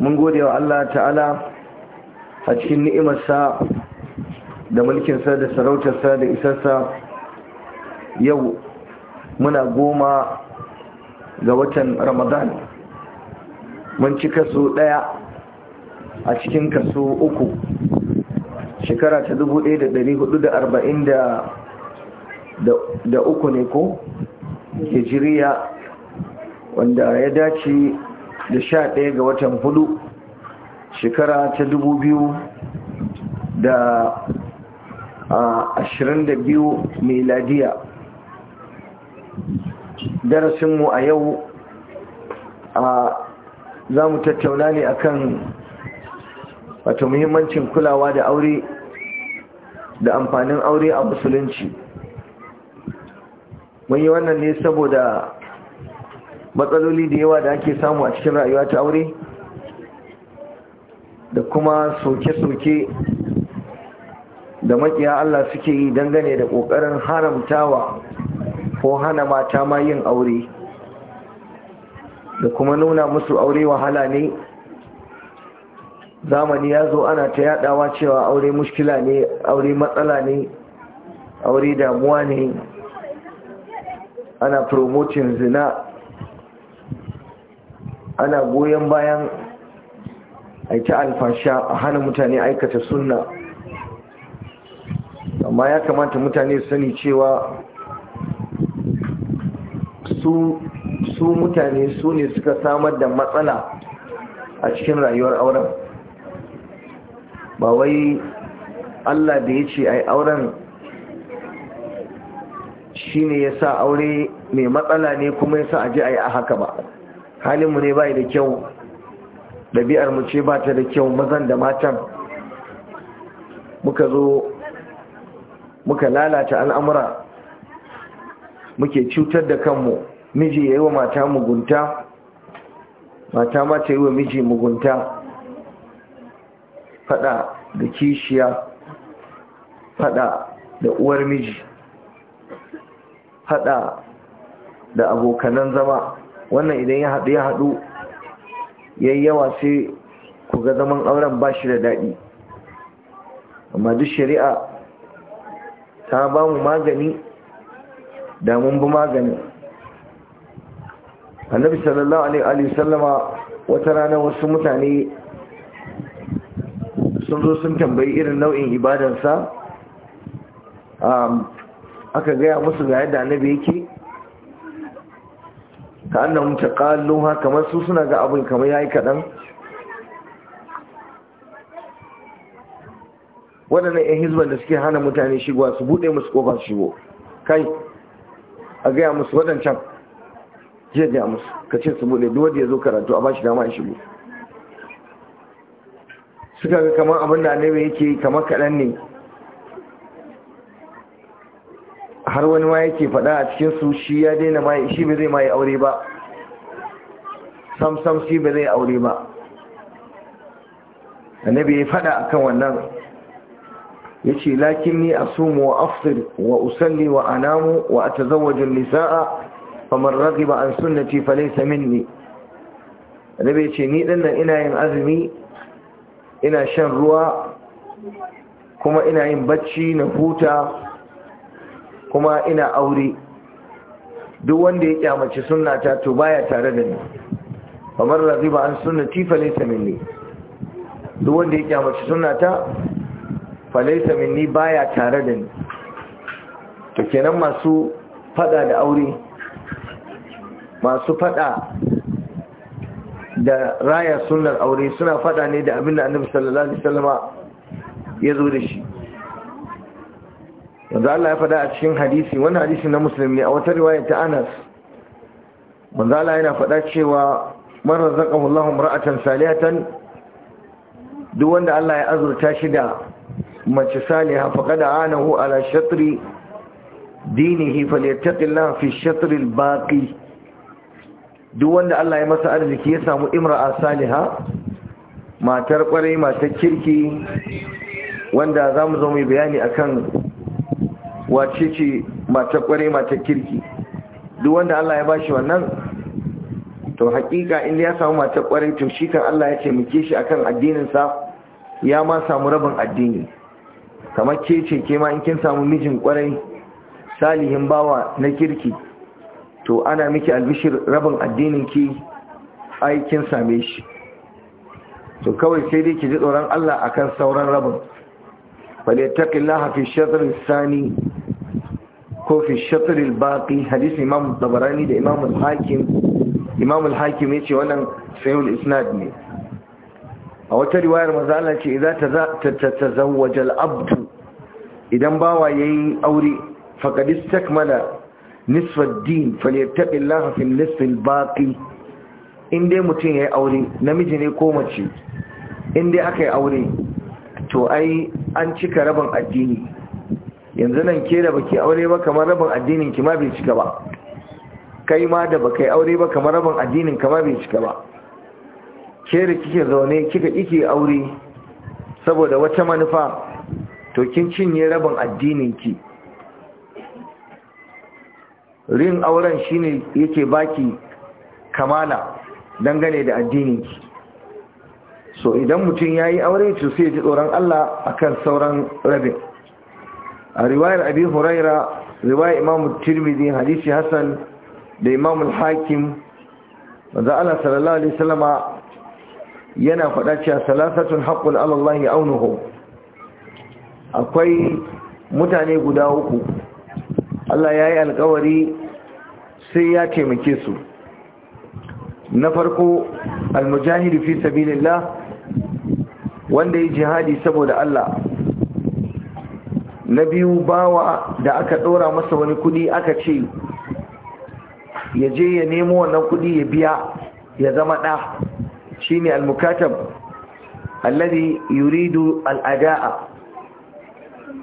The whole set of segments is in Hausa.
mun gode wa Allah ta'ala a cikin ni'imarsa da mulkinsa da sarautarsa da isarsa yau muna goma ga watan ramadan mun ci kaso daya a cikin kaso uku shekara ta dubu da da da hudu arba'in uku ne ko hijiriya wanda ya dace da sha ɗaya ga watan hudu shekara ta dubu biyu da ashirin da biyu meladiya darasinmu a yau za mu tattauna ne a kan wata muhimmancin kulawa da aure da amfanin aure a musulunci mun yi wannan ne saboda matsaloli da yawa da ake samu a cikin rayuwa ta aure da kuma soke-soke da makiya Allah suke yi dangane da ƙoƙarin haramtawa ko hana mata ma yin aure da kuma nuna musu aure wahala ne zamani ya zo ana ta yadawa cewa aure mushkila ne aure matsala ne aure damuwa ne ana promoting zina ana goyon bayan aiki alfasha a hana mutane aikata sunna amma ya kamata mutane sani cewa su mutane su ne suka samar da matsala a cikin rayuwar auren ba wai allah da ya ce ai auren shi ne ya sa aure mai matsala ne kuma ya sa aji a yi a haka ba halinmu ne ba da kyau mu ce ba ta da kyau mazan da matan muka zo muka lalata al'amura muke cutar da kanmu miji ya yi wa mata mugunta mata ma ta yi wa miji mugunta fada da kishiya fada da uwar miji fada da abokanan zama wannan idan ya haɗu ya haɗu ya yawa sai ku ga zaman auren ba shi da daɗi amma duk shari'a ta ba mu magani da mun bi magani annabi sallallahu alaihi sallama wata rana wasu mutane sun zo sun tambayi irin nau'in ibadansa aka gaya musu ga yadda annabi yake ka annahum taqalluha kamar su suna ga abin kamar yayi kadan waɗannan 'yan hizban da suke hana mutane shigowa su buɗe musu ƙofa shigo kai a gaya musu waɗancan Jiya gaya musu ka ce su buɗe duwadda ya zo karatu a ba shi dama shigo suka ga kamar abin da anewa yake kamar kaɗan ne har wani ma yake faɗa a cikin su shi ya daina ma shi ba zai ma aure ba sam sam shi ba zai aure ba annabi ya faɗa akan wannan yace lakinni asumu wa aftir wa usalli wa anamu wa atazawwaju nisaa faman raghiba an sunnati falaysa minni annabi yace ni dinnan ina yin azumi ina shan ruwa kuma ina yin bacci na huta kuma ina aure duk wanda ya kyamaci ta to baya tare da ni kamar raziba an suna tifa laysa minni duk wanda ya kyamaci ta fa laysa minni baya tare da ni to kenan masu fada da aure masu fada da raya sunnar aure suna fada ne da da annabi sallallahu alaihi wasallama ya zo da shi yanzu Allah ya faɗa a cikin hadisi wani hadisi na musulmi ne a wata riwaya ta Anas manzo Allah yana faɗa cewa man razaqahu Allahu ra'atan salihatan duk wanda Allah ya azurta shi da mace saliha faqad anahu ala shatri dinihi falyattaqillaha fi shatri al-baqi duk wanda Allah ya masa arziki ya samu imra'a saliha matar kwarai matar kirki wanda zamu zo mu bayani akan wace ce mata kware mata kirki duk wanda Allah ya bashi wannan to hakika inda ya samu mata kware to shi kan Allah ya ce muke shi akan addinin sa ya ma samu rabin addini kamar ke ce ke ma in kin samu mijin kware salihin bawa na kirki to ana miki albishir rabin addinin ki ai same shi to kawai sai dai ki ji tsoron Allah akan sauran rabin فليتق الله في الشطر الثاني ko fi shatril baqi hadisi imam tabarani da imam al-hakim imam al-hakim yace wannan sahihul isnad ne a wata riwayar manzo Allah ce idza tazawwaj al-abd idan bawa yayi aure faqad istakmala nisf ad-din falyattaqi Allah fi nisf baqi in dai mutum yayi aure namiji ne ko mace in dai aka yi aure to ai an cika rabin addini yanzu nan ke da baki aure ba kamar rabin addinin ki ma bai cika ba kai ma da baka aure ba kamar rabin addinin ka ma bai cika ba ke da kike zaune kika kike aure saboda wata manufa to kin cinye rabin addinin ki rin auren shine yake baki kamala dangane da addinin ki so idan mutum ya yi aure to sai ji tsoron Allah akan sauran rabin a riwayar abin huraira riwayar imamu tirmidhi hadisi hassan da imamu hakim wanda Allah sallallahu alaihi salama yana faɗa cewa salasatun haqqun ala Allah aunuhu akwai mutane guda uku Allah ya yi alkawari sai ya taimake su na farko almujahidu fi sabilillah wanda ya jihadi saboda Allah na biyu bawa da aka ɗora masa wani kudi aka ce ya je ya nemo wannan kudi ya biya ya zama ɗa shi ne almukatab alladhi yuridu al'ada'a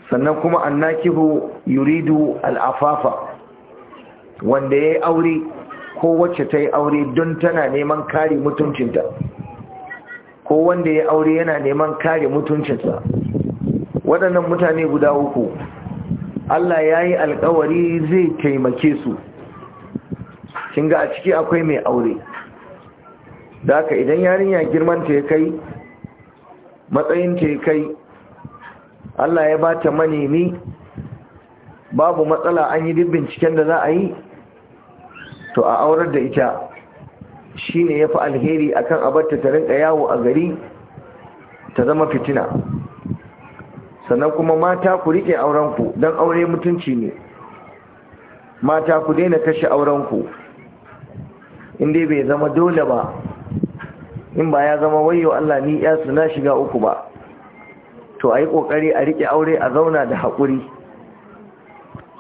sannan kuma annakihu yuridu al'afafa wanda ya yi aure ko wacce ta yi aure don tana neman kare mutuncinta ko wanda ya aure yana neman kare mutuncinsa waɗannan mutane guda uku Allah ya yi alkawari zai taimake su kin ga a ciki akwai mai aure da idan yarinya girmanta ya kai matsayinta ya kai Allah ya ba ta manemi babu matsala an yi duk binciken da za a yi to a aurar da ita Shi ne ya fi alheri akan abarta ta rinka yawo a gari ta zama fitina sannan kuma mata ku rike aurenku don aure mutunci ne mata ku daina kashe aurenku inda bai zama dole ba in ba ya zama wayo Allah ni ya suna shiga uku ba to a yi ƙoƙari a rike aure a zauna da haƙuri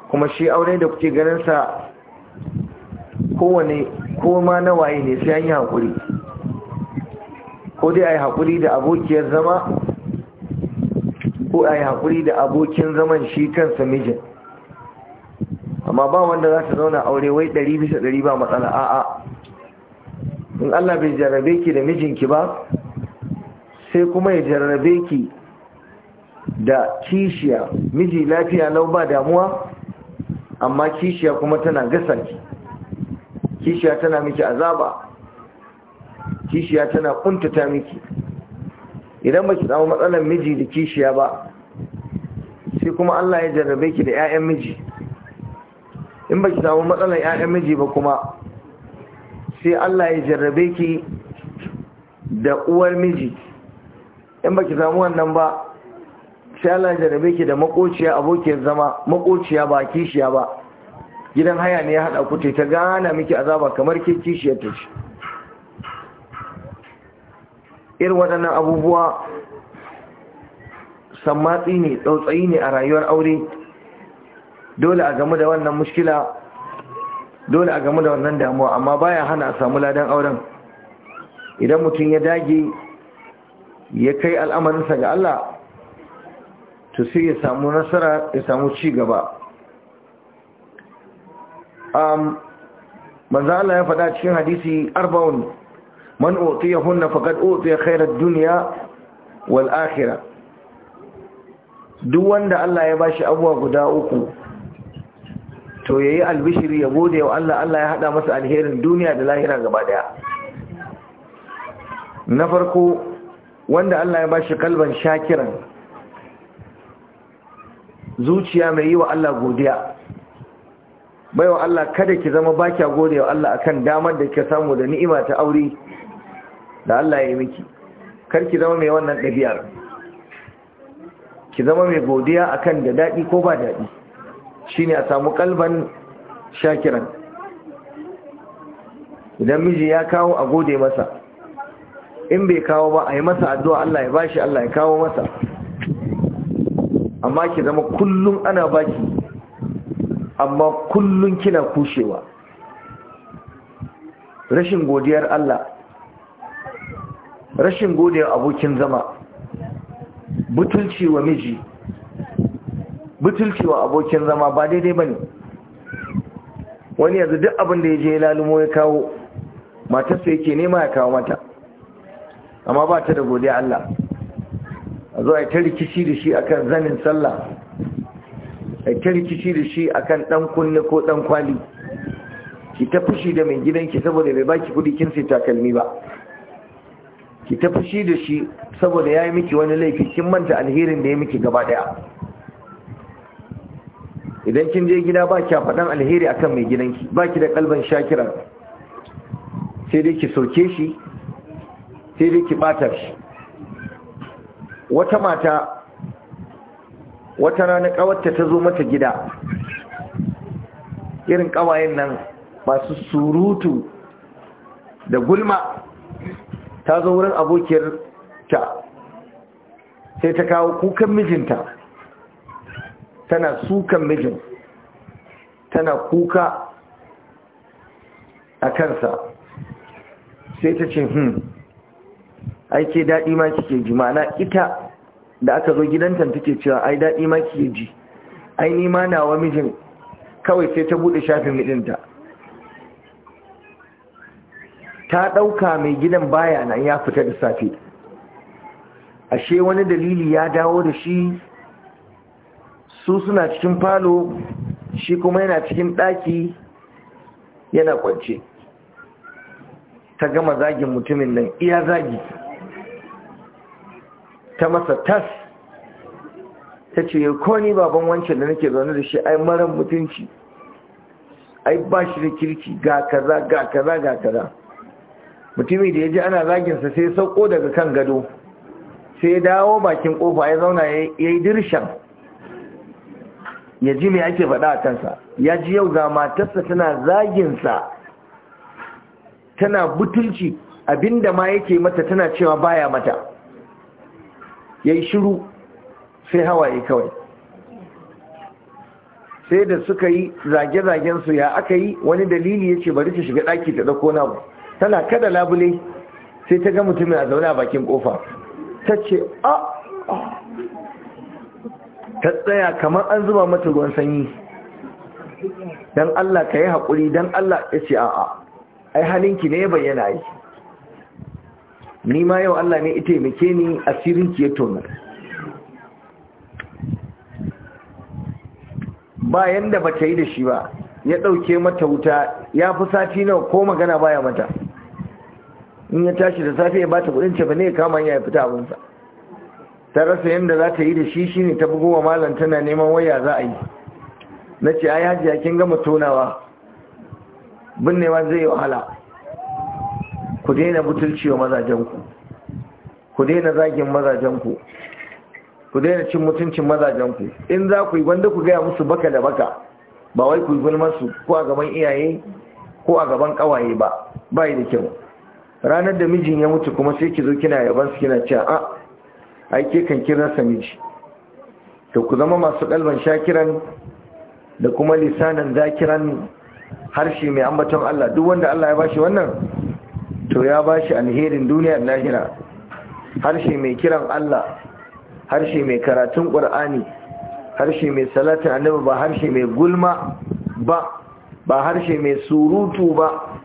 kuma shi aure da kuke ganinsa kowane koma na waye ne sai an yi haƙuri ko dai a yi haƙuri da abokiyar zama ko a yi haƙuri da abokin zaman shi kansa mijin amma ba wanda za su zauna aure wai ɗari bisa ɗari ba matsala a'a in Allah bai jarrabe ki da mijinki ba sai kuma ya jarrabe ki da kishiya miji lafiya lau ba damuwa amma kishiya kuma tana gasa ki kishiya tana miki azaba kishiya tana kuntata miki idan baki samu matsalar miji da kishiya ba sai kuma Allah ya jarrabe ki da ƴaƴan miji in baki samu matsalar ƴaƴan miji ba kuma sai Allah ya jarrabe ki da uwar miji in baki samu wannan ba sai Allah ya jarrabe ki da makociya abokiyar zama makociya ba kishiya ba gidan haya ne ya hada ku ta gana miki azaba kamar kin kishiyar ta tashi irin waɗannan abubuwa sammatsi ne tsautsayi ne a rayuwar aure dole a gamu da wannan mushkila dole a gamu da wannan damuwa amma baya hana a samu ladan auren idan mutum ya dage ya kai al'amarinsa ga Allah to sai ya samu nasara ya samu ci gaba Um, manzo Allah ya faɗa cikin hadisi arba'un man hunna faqad utiya khairat dunya wal akhirah duk wanda Allah ya bashi abuwa guda uku to yayi albishiri ya gode wa Allah Allah ya hada masa alherin duniya da lahira gaba daya na farko wanda Allah ya bashi kalban shakiran zuciya mai yi wa Allah godiya baiwa Allah kada ki zama baki gode wa Allah akan damar da kika samu da ni'ima ta aure da Allah ya yi miki kar ki zama mai wannan ɗabi'ar ki zama mai godiya akan da daɗi ko ba daɗi shine a samu kalban shakiran idan miji ya kawo a gode masa in bai kawo ba a yi masa addu'a Allah ya bashi Allah ya kawo masa amma ki zama kullum ana baki amma kullum kina kushewa rashin godiyar Allah rashin godiyar abokin zama butulci miji butulci abokin zama ba daidai bane wani yanzu duk abin da ya je lalumo ya kawo matarsa yake nema ya kawo mata amma ba ta da godiya Allah a zo a ta rikici da shi akan zanin sallah ta rikici da shi akan ɗan kunne ko ɗankwali kwali ki ta fushi da mai gidanki saboda bai baki kudi kin sai takalmi ba ki ta fushi da shi saboda ya yi miki wani laifi kin manta alherin da ya miki gaba daya idan kin je gida ba kya faɗan alheri akan mai gidanki ba ki da kalban shakira sai dai ki soke shi sai dai ki ɓata shi wata mata wata rana kawarta ta zo mata gida irin kawayen nan masu surutu da gulma ta zo wurin abokiyar ta sai ta kawo kukan mijinta tana sukan mijin tana kuka a kansa sai ta ce hmm aike daɗi ma kike ji ma'ana ita da aka zo gidanta take cewa ai daɗi ma ki ji ai ni ma nawa mijin kawai sai ta bude shafin mijinta ta ɗauka mai gidan baya nan ya fita da safe ashe wani dalili ya dawo da shi su suna cikin falo shi kuma yana cikin ɗaki yana kwance ta gama zagin mutumin nan iya zagi ta masa tas ta ce ko ni baban wancan da nake zaune da shi ai marar mutunci ai ba shi da kirki ga kaza ga kaza ga kaza Mutumi da ya ji ana zaginsa sai sauko daga kan gado sai ya dawo bakin kofa ya zauna ya yi dirshan ya ji mai ake faɗa a kansa ya ji yau ga matarsa tana zaginsa tana butulci abinda ma yake mata tana cewa baya mata ya yi shiru sai hawaye kawai sai da suka yi zage-zagensu ya aka yi wani dalili ya ce bari ta shiga ɗaki ta ɗauko na tana kada labule sai ta ga mutum a zaune a bakin ƙofa ta ce a ta tsaya kamar an zuba mata ruwan sanyi don Allah ka yi haƙuri don Allah ya ce a ai halinki ne ya bayyana yi ni ma yau Allah ne ita taimake ni asirin ki ya tona bayan da ta yi da shi ba ya dauke mata wuta ya fi sati nawa ko magana baya mata in ya tashi da safe ya bata kudin ba ne ya kama ya fita abinsa ta rasa yadda za ta yi da shi shi ne ta bugo wa malam tana neman waya za a yi na ce ai hajiya kin gama tonawa binnewa zai yi wahala ku daina butulci wa mazajenku ku daina zagin mazajenku ku daina cin mutuncin mazajenku in za ku yi wanda ku gaya musu baka da baka ba wai ku yi su ko a gaban iyaye ko a gaban kawaye ba ba yi da kyau ranar da mijin ya mutu kuma sai ki zo kina yaban su kina cewa a ah, ai ke kan kin rasa miji to ku zama masu kalban shakiran da kuma lisanan zakiran harshe mai ambaton Allah duk wanda Allah ya bashi wannan to ya ba shi alherin duniyar lahira harshe mai kiran Allah harshe mai karatun ƙur'ani harshe mai salatin annaba ba harshe mai gulma ba ba harshe mai surutu ba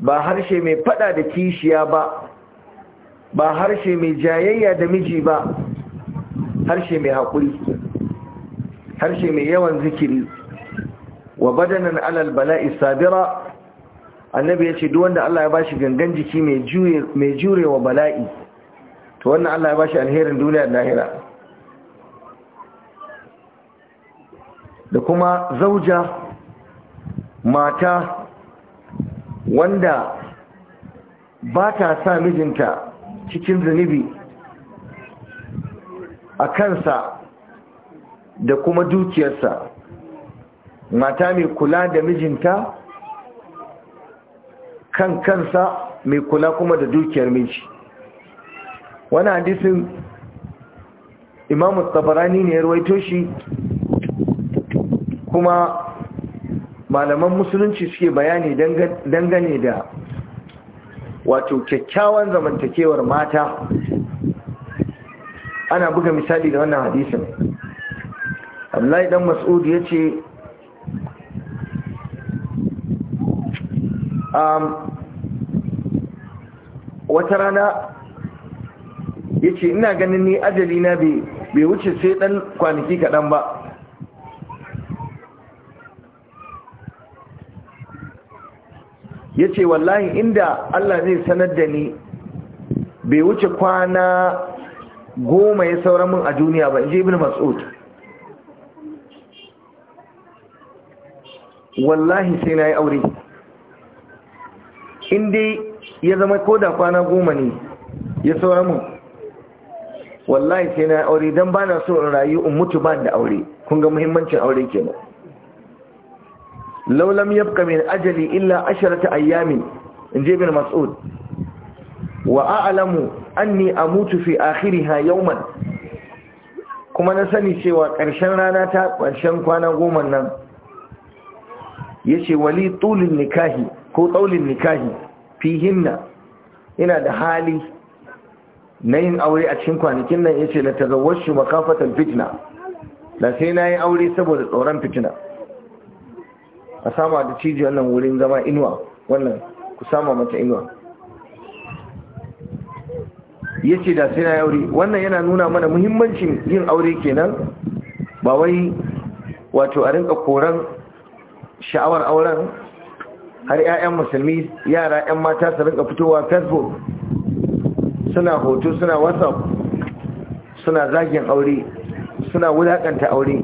ba harshe mai fada da kishiya ba ba harshe mai jayayya da miji ba harshe mai haƙuri harshe mai yawan zikiri wa badanan alal bala'i sabira annabi ya ce duk wanda Allah ya bashi gangan jiki mai jurewa bala'i to wannan Allah ya bashi alherin duniya da lahira da kuma zauja mata wanda ba ta sa mijinta cikin zunubi a kansa da kuma dukiyarsa mata mai kula da mijinta kan kansa mai kula kuma da dukiyar miji wani hadisin imamu tsabarani ne ya ruwaito shi kuma malaman musulunci suke bayani dangane da wato kyakkyawan zamantakewar mata ana buga misali da wannan hadisin abdullahi dan mas'ud ya ce Um, wata rana ya ce ina ganin ni ajali na bai wuce sai dan kwanaki kaɗan ba ya ce wallahi inda Allah zai sanar da ni bai wuce kwana goma ya saura mun a duniya ba in je ibn mas'ud wallahi sai na yi aure in dai ya zama koda kwana goma ne ya saura mu. wallahi sai na aure don ba na so in rayu in mutu ba da aure kun ga muhimmancin aure kenan laulam ya fi ajali illa ta ayyamin in je bin mas'ud wa a'lamu anni mutu fi akhiriha yawman kuma na sani cewa ƙarshen rana ta ƙarshen kwana goma nan ce wali tulin nikahi ko ɗaulin nikahi fihinna yana da hali na yin aure a cikin kwanakin nan yace la tazawwashu makafatan fitna da sai na yi aure saboda tsoron fitina a sama da ciji wannan wurin zama inuwa wannan ku sama mata inuwa ya ce da sai na yi aure wannan yana nuna mana muhimmancin yin aure kenan ba wai wato a rinka koran sha'awar auren har 'ya'yan musulmi yara 'yan mata su rinka fitowa facebook suna hoto suna whatsapp suna zagin aure suna wulakanta aure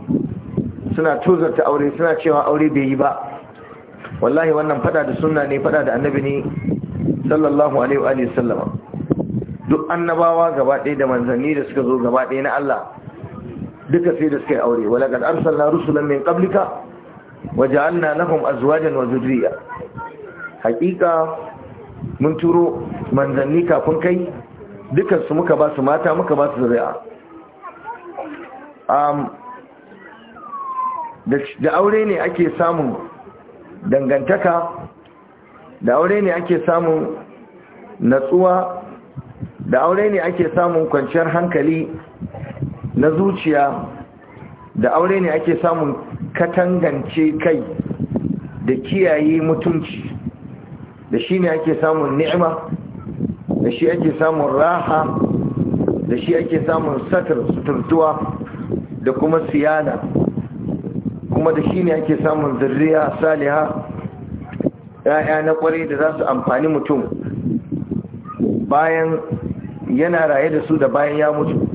suna tuzarta aure suna cewa aure bai yi ba wallahi wannan fada da suna ne fada da annabi ne sallallahu alaihi wa sallama duk annabawa gaba ɗaya da manzanni da suka zo gaba ɗaya na Allah duka sai da suka yi aure walaƙad na rusulan min qablika waja'alna lahum azwajan wa zurriya hakika mun turo manzanni kafin kai dukan su muka ba su mata muka ba su zuri'a um da aure ne ake samun dangantaka da aure ne ake samun natsuwa da aure ne ake samun kwanciyar hankali na zuciya da aure ne ake samun katangance kai da kiyaye mutunci da shi ne ake samun ni'ima da shi ake samun raha da shi ake samun satar suturtuwa da kuma siyana kuma da shi ne ake samun zirriya saliha ya'ya na kware da za su amfani mutum bayan yana raye da su da bayan ya mutu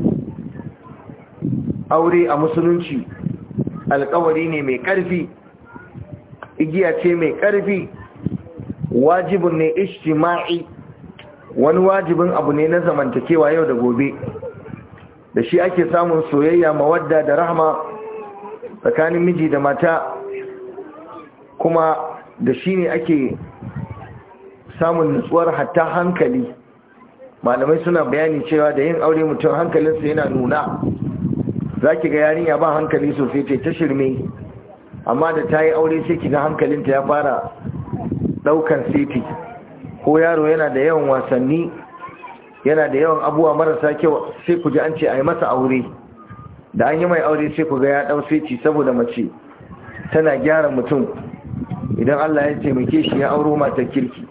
aure a musulunci alkawari ne mai ƙarfi igiya ce mai karfi wajibin ne ishtima'i wani wajibin abu ne na zamantakewa yau da gobe da shi ake samun soyayya mawadda da rahama tsakanin miji da mata kuma da shi ne ake samun nutsuwar hatta hankali malamai suna bayani cewa da yin aure mutum hankalinsa yana nuna za ki ga yarinya ba hankali sosai ce ta shirme amma da ta yi aure sai ki ga hankalinta ya fara daukan siti ko yaro yana da yawan wasanni yana da yawan abuwa marasa kyau sai ku ji an ce a yi masa aure da an yi mai aure sai ku ga ya dau siti saboda mace tana gyara mutum idan Allah ya taimake shi ya auro matar kirki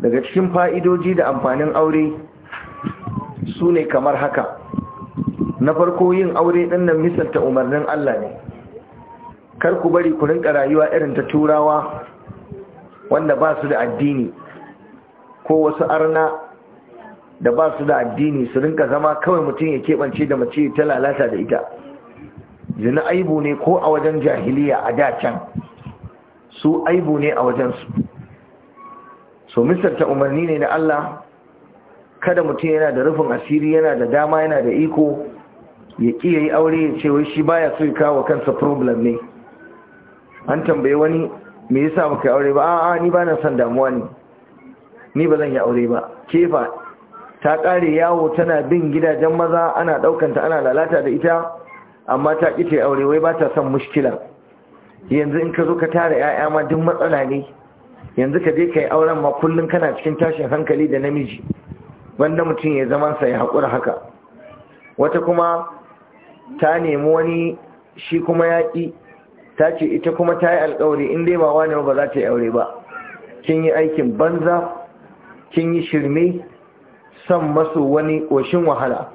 daga cikin fa'idoji da amfanin aure su ne kamar haka na farko yin aure ɗan nan misalta umarnin Allah ne kar ku bari ku rinka rayuwa irin ta turawa wanda ba su da addini ko wasu arna da ba su da addini su rinka zama kawai mutum ya keɓance da mace ta lalata da ita zina aibu ne ko a wajen jahiliya a da can su aibu ne a wajensu so misalta umarni ne na Allah kada mutum yana da rufin asiri yana da dama yana da iko ya ƙi yi aure ya ce wai shi baya so ya kawo kansa problem ne an tambaye wani me yasa baka aure ba a'a ni ba na son damuwa ne ni ba zan yi aure ba kefa ta ƙare yawo tana bin gidajen maza ana ɗaukanta ana lalata da ita amma ta ƙi ta aure wai ba ta son mushkila yanzu in ka zo ka tara 'ya'ya ma duk matsala ne yanzu ka je ka yi auren ma kullum kana cikin tashin hankali da namiji wanda mutum ya zama sa ya haƙura haka wata kuma ta nemi wani shi kuma yaƙi ta ce ita kuma ta yi alƙawari in dai ba wani ba za ta yi aure ba kin yi aikin banza kin yi shirme son masu wani ƙoshin wahala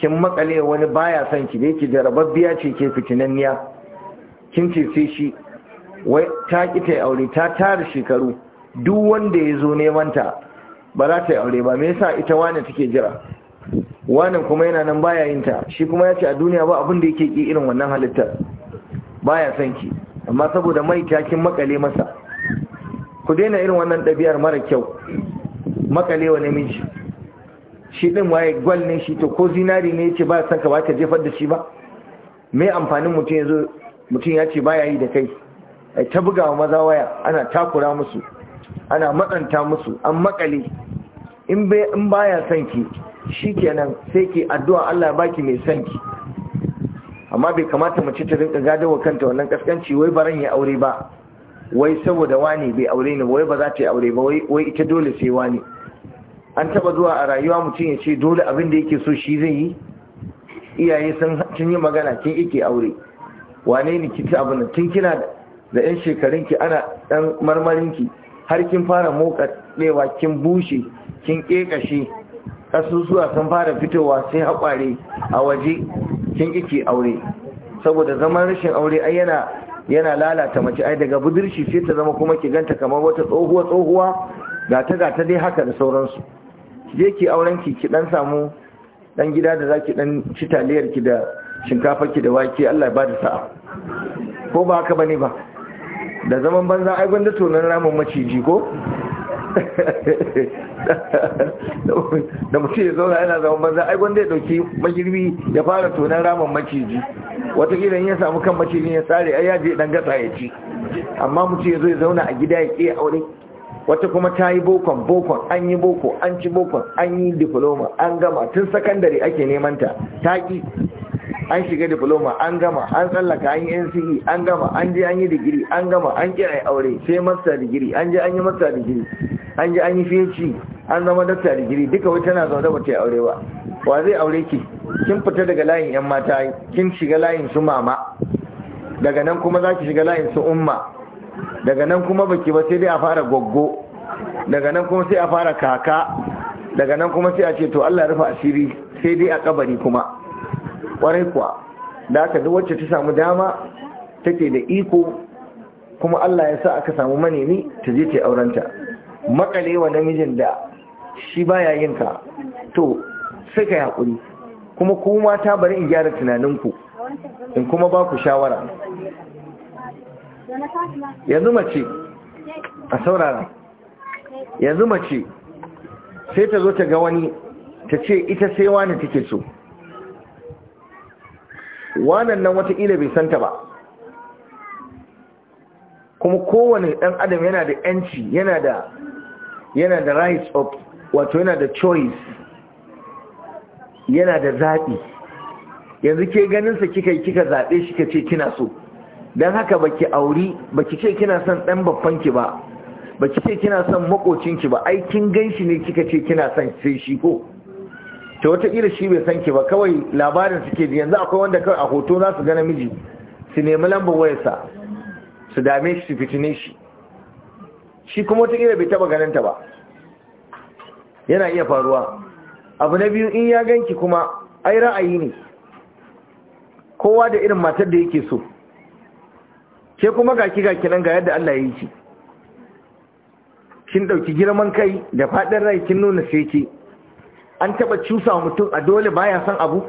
kin makale wani baya son ki dai ki jarababbiya ce ke fitinanniya kin ce sai shi wai ta ki ta yi aure ta tara shekaru duk wanda ya zo neman ta ba za ta yi aure ba me yasa ita wani take jira wannan kuma yana nan baya yin ta shi kuma ya ce a duniya ba abin da yake ki irin wannan halittar baya son ki amma saboda mai takin makale masa ku daina irin wannan ɗabi'ar mara kyau makale wa namiji shi ɗin waye gwal ne shi to ko zinari ne yace ba son ka ba ka jefar da shi ba me amfanin mutum ya zo mutum ya ce baya yi da kai ai ta bugawa maza waya ana takura musu ana matsanta musu an makale in baya son ki shikenan sai ki addu'a Allah ya baki mai son ki amma bai kamata mace ta rinka gadawa kanta wannan kaskanci wai baran ya aure ba wai saboda wani bai aure ni wai ba za ta yi aure ba wai ita dole sai wani an taba zuwa a rayuwa mutum ya ce dole abin da yake so shi zai yi iyaye sun yi magana kin ike aure wane ne kici abin tun kina da yan shekarun ki ana dan marmarin ki har kin fara motsa tsewa kin bushe kin kekashe ƙasusuwa sun fara fitowa sai haƙware a waje kin iki aure saboda zaman rashin aure ai yana yana lalata mace ai daga budurci sai ta zama kuma ki ganta kamar wata tsohuwa tsohuwa gata gata dai haka da sauransu ki je ki auren ki ki dan samu dan gida da zaki dan ci taliyar ki da shinkafar ki da wake Allah ya bada sa'a ko ba haka bane ba da zaman banza ai gwanda tonan ramin maciji ko da mutum ya zauna yana zama banza ai wanda ya dauki magirbi ya fara tunan ramin maciji watakila ya samu kan macijin ya tsare ai ya je dan gasa ya ci amma mutum ya zo ya zauna a gida ya ke aure wata kuma ta yi bokon bokon an yi boko an ci bokon an yi diploma an gama tun sakandare ake neman ta ta ki an shiga diploma an gama an tsallaka an yi NCE an gama an je an yi digiri an gama an ƙi ai aure sai masta digiri an je an yi masta digiri an je an yi PhD an zama dasta digiri duka wai tana zaune wata ta aure ba wa zai aure ki kin fita daga layin yan mata kin shiga layin su mama daga nan kuma za ki shiga layin su umma daga nan kuma baki ba sai dai a fara goggo daga nan kuma sai a fara kaka daga nan kuma sai a ce to Allah rufa asiri sai dai a kabari kuma kwarai kuwa da aka duk wacce ta samu dama take da iko kuma Allah ya sa aka samu manemi ta je ta makale wa namijin da shi baya yin ka to sai ka haƙuri, kuma kuma ta bari in gyara tunaninku in kuma ba ku shawara yanzu mace a saurara yanzu mace sai ta zo ta ga wani ta ce ita sai wani take so wannan nan wata watakila bai santa ba kuma kowane ɗan adam yana da yanci yana da yana da rights of wato yana da choice yana da zaɓi yanzu ke ganinsa kika yi kika zaɓe shi ka kina so don haka baki auri baki ce kina son ɗan ki ba baki ce kina son makocin ki ba ai kin ganshi ne kika ce kina son sai shi ko to wataƙila shi bai san ki ba kawai labarin suke da yanzu akwai wanda kawai a hoto za su ga namiji su nemi lambar wayarsa su dame shi su fitine shi shi kuma wataƙila bai taɓa ganinta ba yana iya faruwa abu na biyu in ya ganki kuma ai ra'ayi ne kowa da irin matar da yake so ke kuma ga ki ga kinan ga yadda Allah ya yi ki kin dauki girman kai da fadin rai kin nuna sai ki an taba cusa mutum a dole baya son abu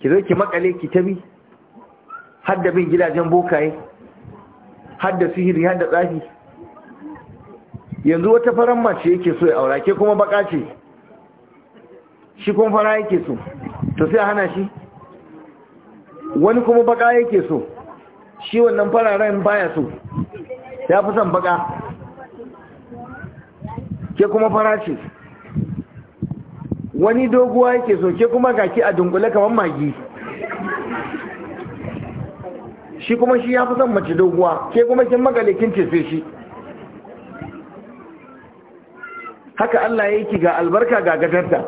ki zo ki makale ki tabi har da bin gidajen bokaye har da sihiri har da tsafi yanzu wata faran mace yake so ya aura ke kuma baka ce shi kuma fara yake so to sai hana shi wani kuma baka yake so shi wannan fararen baya so ya fi son baka ke kuma fara ce wani doguwa yake soke kuma gaki a dunkule kamar magi shi kuma shi ya fi son mace doguwa ke kuma kin makale kin tefe shi haka Allah ya yi ga albarka ga gadarta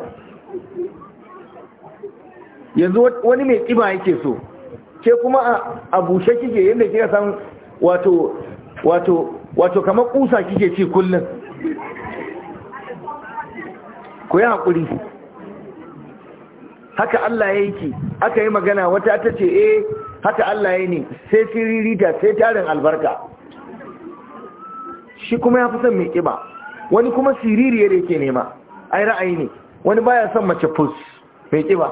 yanzu wani mai kiba yake so ke kuma a bushe kike yadda kika san wato wato wato kamar kusa kike ci kullum ku yi haƙuri haka Allah ya yi aka yi magana wata ta ce eh haka Allah ya ne sai siririta sai tarin albarka shi kuma ya fi son mai ƙiba wani kuma siririya da yake nema ai ra'ayi ne wani baya son mace fus mai ƙiba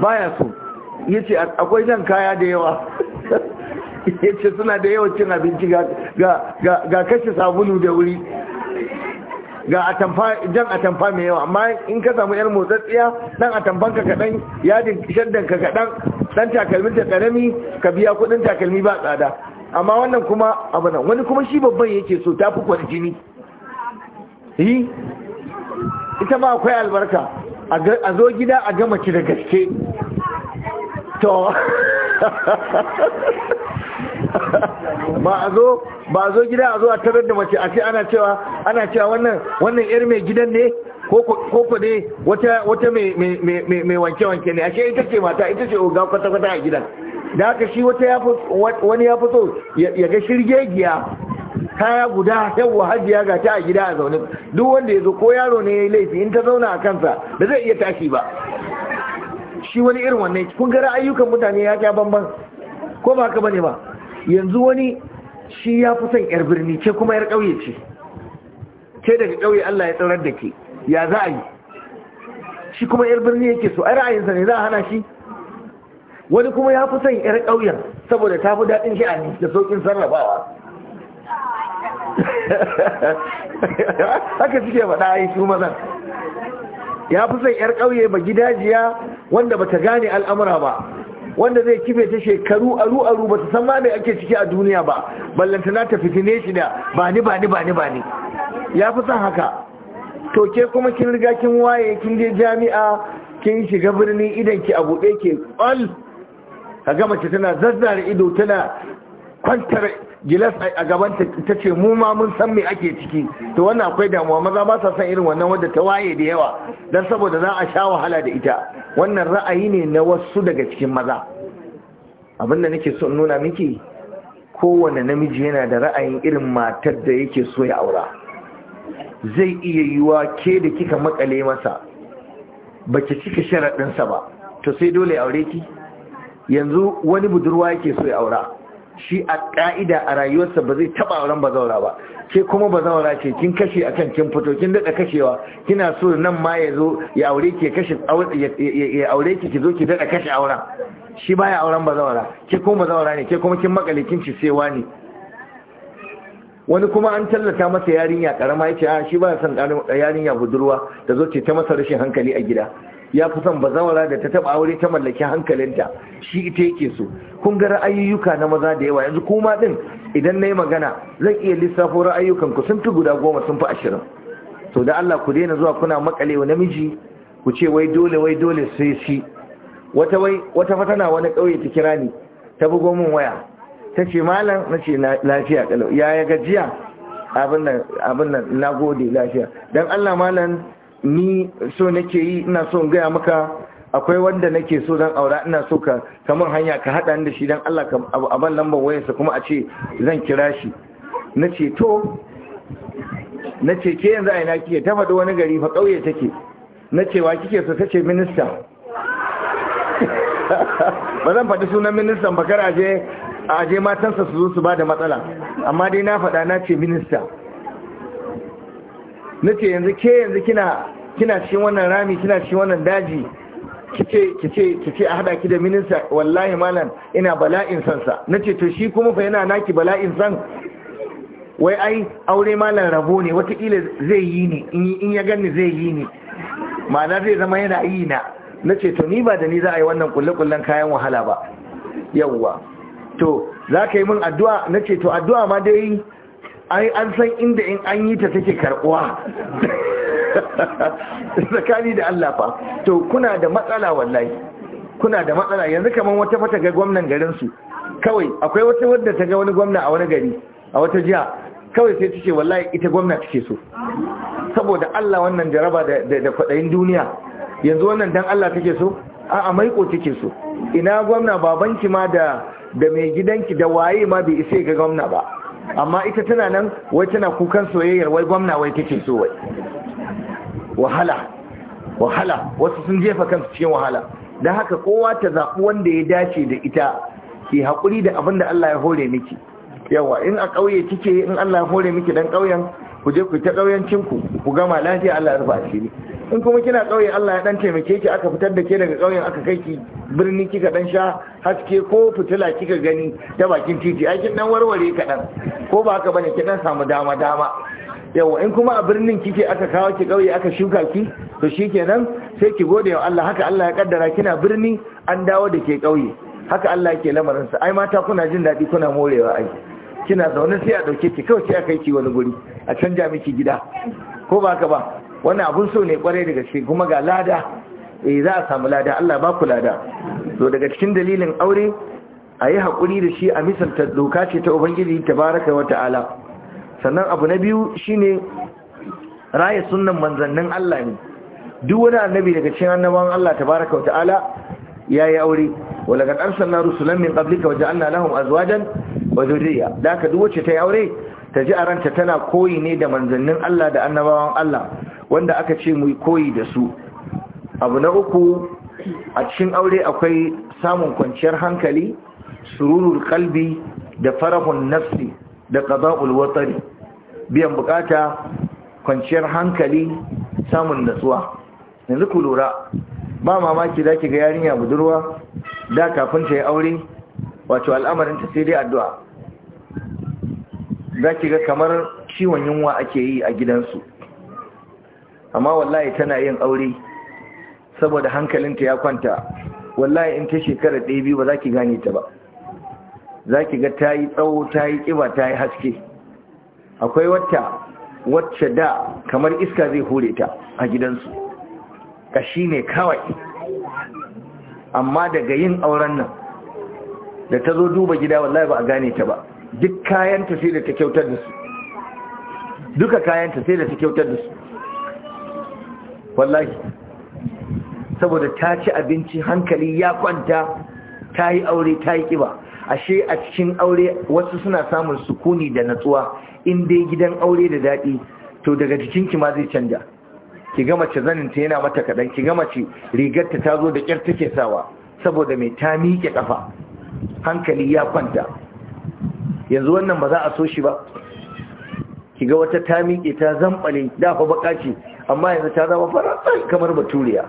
baya so ya ce akwai jan kaya da yawa ya ce suna da yawancin abinci ga kashe sabulu da wuri ga atamfa jan atamfa mai yawa amma in ka samu 'yan motsatsiya dan atamfan ka kadan yadin shaddan ka kadan dan takalmin ta karami ka biya kudin takalmi ba tsada amma wannan kuma abu nan wani kuma shi babban yake so tafi jini. yi ita ba akwai albarka a zo gida a gama ki da gaske to ba a zo ba zo gida a zo a tarar da mace a ce ana cewa ana cewa wannan wannan yar mai gidan ne ko ko ne wata wata mai mai mai wanke wanke ne A ce ita ce mata ita ce oga kwata kwata a gidan da haka shi wata ya wani ya fito ya ga shirgegiya kaya guda yawwa hajiya ga ta a gida a zaune duk wanda ya zo ko yaro ne ya yi laifi in ta zauna a kansa ba zai iya tashi ba shi wani irin wannan kun ga ayyukan mutane ya ja bamban ko ba ka bane ba yanzu wani shi ya fi son ƴar birni ke kuma ƴar ƙauye ce ce daga ƙauye Allah ya tsaurar da ke ya za a yi shi kuma ƴar birni yake so a ra'ayinsa ne za a hana shi wani kuma ya fi son ƴar ƙauyen saboda ta fi daɗin ni da sauƙin sarrafawa haka suke faɗa a yi su mazan ya fi son ƴar ƙauye ba gidajiya wanda ba ta gane al'amura ba wanda zai kife ta shekaru aru aru ba su san ma mai ake ciki a duniya ba ballantana ta fitine shi da ba ni ba ni ba ni ba ni ya fi son haka to ke kuma kin riga kin waye kin je jami'a kin shiga birni idan ki a buɗe ke ƙwal ka gama ce tana zazzare ido tana kwantar gilas a gaban ta ce mu ma mun san me ake ciki to wannan akwai damuwa maza ba sa san irin wannan wadda ta waye da yawa Dan saboda za a sha wahala da ita wannan ra'ayi ne na wasu daga cikin maza abinda nake so nuna miki kowane namiji yana da ra'ayin irin matar da yake so ya aura zai iya yiwa ke da kika makale masa baki cika sharaɗinsa ba to sai dole aure ki yanzu wani budurwa yake so ya aura shi a ƙa'ida a rayuwarsa ba zai taɓa auren bazaura ba ke kuma bazaura ce kin kashe a kan kin fito kin daɗa kashewa kina so nan ma ya zo ya aure ki kashe ya aure ki ki zo ki daɗa kashe auren shi ba ya auren bazaura ke kuma bazaura ne ke kuma kin makale kin ci sewa ne wani kuma an tallata masa yarinya karama ya ce ah, shi ba son yarinya budurwa da zo ce ta masa rashin hankali a gida ya fi son bazawara da ta taba aure ta mallaki hankalinta shi ita yake so kun ga ra'ayoyuka na maza da yawa yanzu kuma din idan na yi magana zan iya lissafo ra'ayoyukan ku sun fi guda goma sun fi ashirin to da Allah ku daina zuwa kuna makale wa namiji ku ce wai dole wai dole sai shi wata wai wata fatana wani kauye ta kira ni ta bugo min waya ta ce malam na ce lafiya kalau ya gajiya abin nan abin nan nagode lafiya dan Allah malam ni so nake yi ina so in gaya maka akwai wanda nake so zan aura ina so ka kamar hanya ka hada da shi dan Allah ka aban lambar wayarsa kuma a ce zan kira shi nace to nace ke yanzu a ina kike ta faɗi wani gari fa kauye take nace wa kike so tace minista ba zan faɗi sunan ministan ba kar aje aje matansa su zo su bada matsala amma dai na faɗa na ce minista na ce yanzu ke yanzu kina kina cikin wannan rami kina cikin wannan daji kice kice a hada ki da minista wallahi malam ina bala'in sansa na ce to shi kuma fa yana naki bala'in san wai ai aure malam rabo ne watakila zai yi ni in ya ganni zai yi ni ma'ana zai zama yana yi na na ce to ni ba da ni za a yi wannan kulle-kullen kayan wahala ba yawwa to za ka yi min addu'a na ce to addu'a ma dai ai an san inda in an yi ta take karbuwa tsakani da Allah fa to kuna da matsala wallahi kuna da matsala yanzu kaman wata fata ga gwamnan garin su kawai akwai wata wadda ta ga wani gwamna a wani gari a wata jiya. kawai sai ta ce wallahi ita gwamna take so saboda Allah wannan jaraba da da kwadayin duniya yanzu wannan dan Allah take so a'a maiƙo take so ina gwamna babanki ma da da mai gidanki da waye ma bai isa ga gwamna ba amma ita tana nan wai tana kukan soyayyar wai gwamna wai take so wai wahala wahala wasu sun jefa kansu cikin wahala don haka kowa ta zaɓi wanda ya dace da ita ke haƙuri da abin da Allah ya hore miki yawa in a ƙauye kike in Allah ya hore miki dan ƙauyen ku je ku ta ƙauyancin ku ku gama lafiya Allah ya rufa asiri in kuma kina ƙauye Allah ya dan taimake ki aka fitar da ke daga ƙauyen aka kai ki birni kika dan sha haske ko fitila kika gani ta bakin titi ai kin dan warware kaɗan ko ba haka bane ki dan samu dama dama yawa in kuma a birnin kike aka kawo ki ƙauye aka shuka ki to shi shikenan sai ki gode wa Allah haka Allah ya kaddara kina birni an dawo da ke ƙauye haka Allah yake lamarin sa ai mata kuna jin daɗi kuna morewa ai kina zaune sai a dauke ki kawai sai a kai ki wani guri a canja miki gida ko ba ka ba wani abun so ne kwarai da gaske kuma ga lada eh za a samu lada Allah ba ku lada to daga cikin dalilin aure a yi haƙuri da shi a misalta doka ce ta ubangiji tabaraka wa ta'ala sannan abu na biyu shine raya sunnan manzannin Allah ne duk wani annabi daga cikin annabawan Allah tabaraka wa ta'ala yayi aure walaga arsalna rusulan min qablika wa ja'alna lahum azwajan wa da ka duk wacce ta yi aure ta ji a ranta tana koyi ne da manzannin Allah da annabawan Allah wanda aka ce mu koyi da su abu na uku a cikin aure akwai samun kwanciyar hankali sururul kalbi da farahun nafsi da qada'ul watari biyan bukata kwanciyar hankali samun natsuwa yanzu ku lura ba mamaki zaki ga yarinya budurwa da kafin ta yi aure wato al'amarin ta sai dai addu'a za ki ga kamar ciwon yunwa ake yi a gidansu amma wallahi tana yin aure saboda hankalinta ya kwanta wallahi in ta shekara ɗaya biyu ba za ki gane ta ba za ki ga ta yi tsawo ta yi ƙiba ta yi haske akwai wata wacce da kamar iska zai hure ta a gidansu ƙashi ne kawai amma daga yin auren nan da ta zo duba gida wallahi ba a gane ta ba duk kayanta sai da ta kyautar da su duka kayanta sai da ta kyautar da su wallahi saboda ta ci abinci hankali ya kwanta ta yi aure ta yi ƙiba ashe a cikin aure wasu suna samun sukuni da natsuwa in dai gidan aure da daɗi to daga jikinki ma zai canja ki ga mace zaninta yana mata kaɗan ki gama mace rigarta ta zo da ƙyar take sawa saboda mai ta miƙe ƙafa hankali ya kwanta yanzu wannan ba za a so shi ba kiga wata ta miƙe ta zambale dafa baka ce amma yanzu ta zama faransa kamar baturiya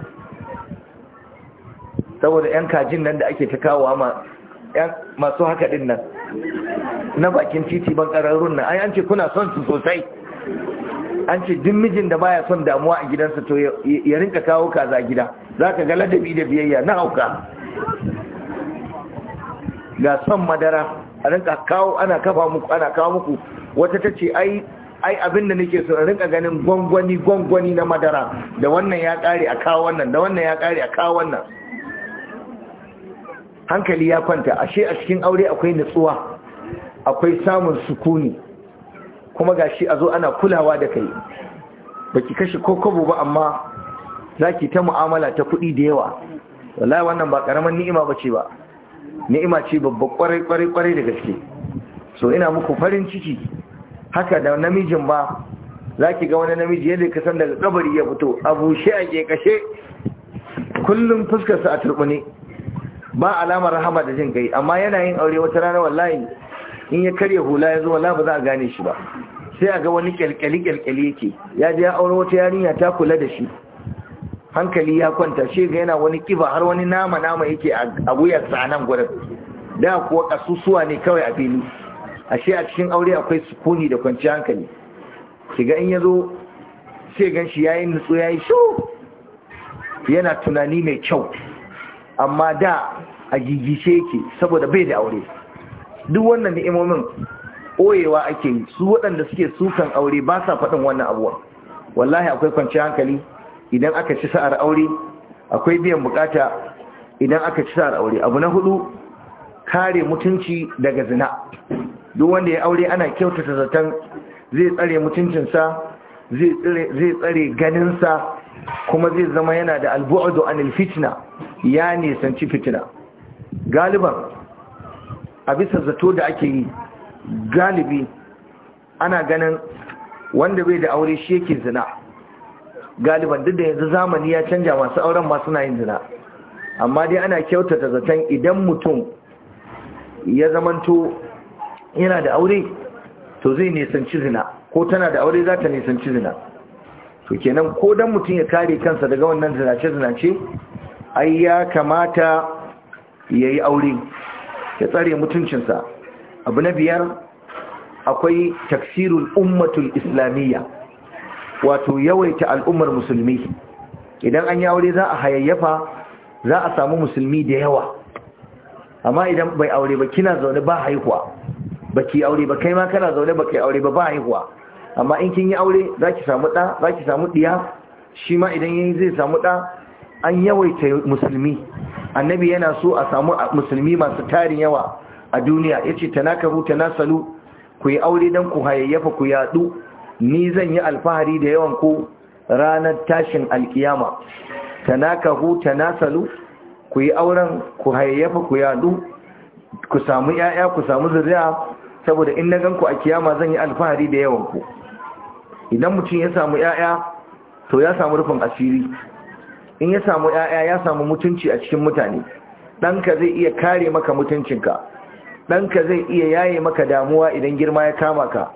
saboda 'yan kajin nan da ake ta kawo ma masu haka nan na bakin titi ban ƙararrun nan ai an ce kuna son su sosai an ce duk mijin da baya son damuwa a gidansa to ya rinka kawo kaza gida za ka ga ladabi da biyayya na hauka ga son madara a rinka kawo ana kafa muku ana kawo muku wata ta ce ai abin da nake so rinka ganin gwangwani gwangwani na madara da wannan ya kare a kawo wannan da wannan ya kare a kawo wannan hankali ya kwanta ashe a cikin aure akwai nutsuwa akwai samun sukuni kuma gashi a zo ana kulawa da kai baki kashe ko kobo ba amma zaki ta mu'amala ta kuɗi da yawa wallahi wannan ba karaman ni'ima bace ba ni'ima ce babba kwarai kwarai kwarai da gaske so ina muku farin ciki haka da namijin ba za ki ga wani namiji yadda ka san daga kabari ya fito Abu bushe a kashe kullum fuskarsa a ne ba alamar rahama da jin gai amma yana yin aure wata rana wallahi in ya karya hula ya zo wala ba za a gane shi ba sai a ga wani kyalkyali kyalkyali yake ya je ya aure wata yarinya ta kula da shi hankali ya kwanta shi ga yana wani kiba har wani nama nama yake a wuyarsa nan gudun da kuwa kasusuwa ne kawai a fili ashe a cikin aure akwai sukuni da kwanci hankali Shiga in yazo shi gan shi yayi nutsu yi shu yana tunani mai kyau amma da a gigishe yake saboda bai da aure duk wannan ni'imomin koyewa ake yi su waɗanda suke sukan aure ba sa faɗin wannan abuwa wallahi akwai kwanciyar hankali idan aka ci sa'ar aure akwai biyan bukata idan aka ci sa'ar aure abu na hudu kare mutunci daga zina duk wanda ya aure ana kyautata zaton zai tsare mutuncinsa zai tsare ganinsa kuma zai zama yana da albu'adu anil fitna ya nisanci fitina galiban a bisa zato da ake yi galibi ana ganin wanda bai da aure shi yake zina galiban duk da yanzu zamani ya canja masu auren masu na yin zina amma dai ana kyautata zaton idan mutum ya zamanto yana da aure to zai nisanci zina ko tana da aure za ta nisanci zina to kenan ko dan mutum ya kare kansa daga wannan zinace-zinace ai ya kamata ya yi aure ya tsare mutuncinsa abu na biyar akwai taksirul ummatul islamiyya wato yawaita al'ummar musulmi idan an yi aure za a hayayyafa za a samu musulmi da yawa amma idan bai aure ba kina zaune ba haihuwa ba ki aure ba kai ma kana zaune ba kai aure ba ba haihuwa amma in kin yi aure za ki samu ɗa za ki samu ɗiya shi ma idan yi zai samu ɗa an yawaita musulmi annabi yana so a samu musulmi masu tarin yawa a duniya ya ce tanakaru tanasalu ku yi aure don ku hayayyafa ku yaɗu ni zan yi alfahari da yawan ku ranar tashin alkiyama tanakahu tanasalu ku yi auren ku hayayyafa ku yadu ku samu yaya ku samu zuriya saboda in na ganku a kiyama zan yi alfahari da yawan ku idan mutum ya samu yaya to ya samu rufin asiri in ya samu yaya ya samu mutunci a cikin mutane ɗanka zai iya kare maka mutuncinka ɗanka zai iya yaye maka damuwa idan girma ya kama ka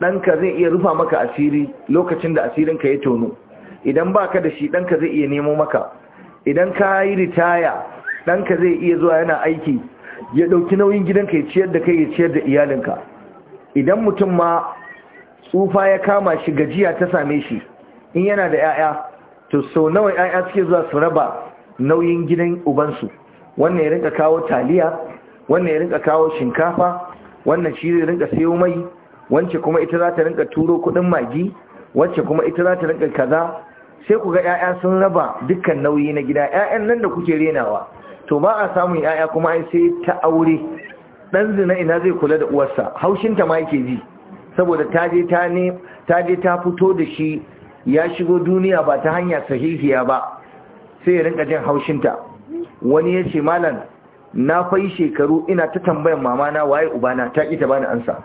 ɗanka zai iya rufa maka asiri lokacin da asirin ka ya tono idan ba ka da shi ɗanka zai iya nemo maka idan ka yi ritaya ɗanka zai iya zuwa yana aiki ya ɗauki nauyin gidanka ya ciyar da kai ya ciyar da iyalinka idan mutum ma tsufa ya kama shi gajiya ta same shi in yana da 'ya'ya to sau nawa 'ya'ya suke zuwa su raba nauyin gidan ubansu wannan ya rinka kawo taliya wannan ya rinka kawo shinkafa wannan shi zai rinka sayo mai wance kuma ita za ta rinka turo kudin magi wace kuma ita za ta rinka kaza sai ku ga 'ya'ya sun raba dukkan nauyi na gida 'ya'yan nan da kuke renawa to ba a samun 'ya'ya kuma ai sai ta aure dan zina ina zai kula da uwarsa haushinta ma yake ji saboda ta je ta ne ta je ta fito da shi ya shigo duniya ba ta hanya sahihiya ba sai ya rinka jin haushinta wani yace, ce malam na fai shekaru ina ta tambayan mamana waye ubana ta ki ta bani ansa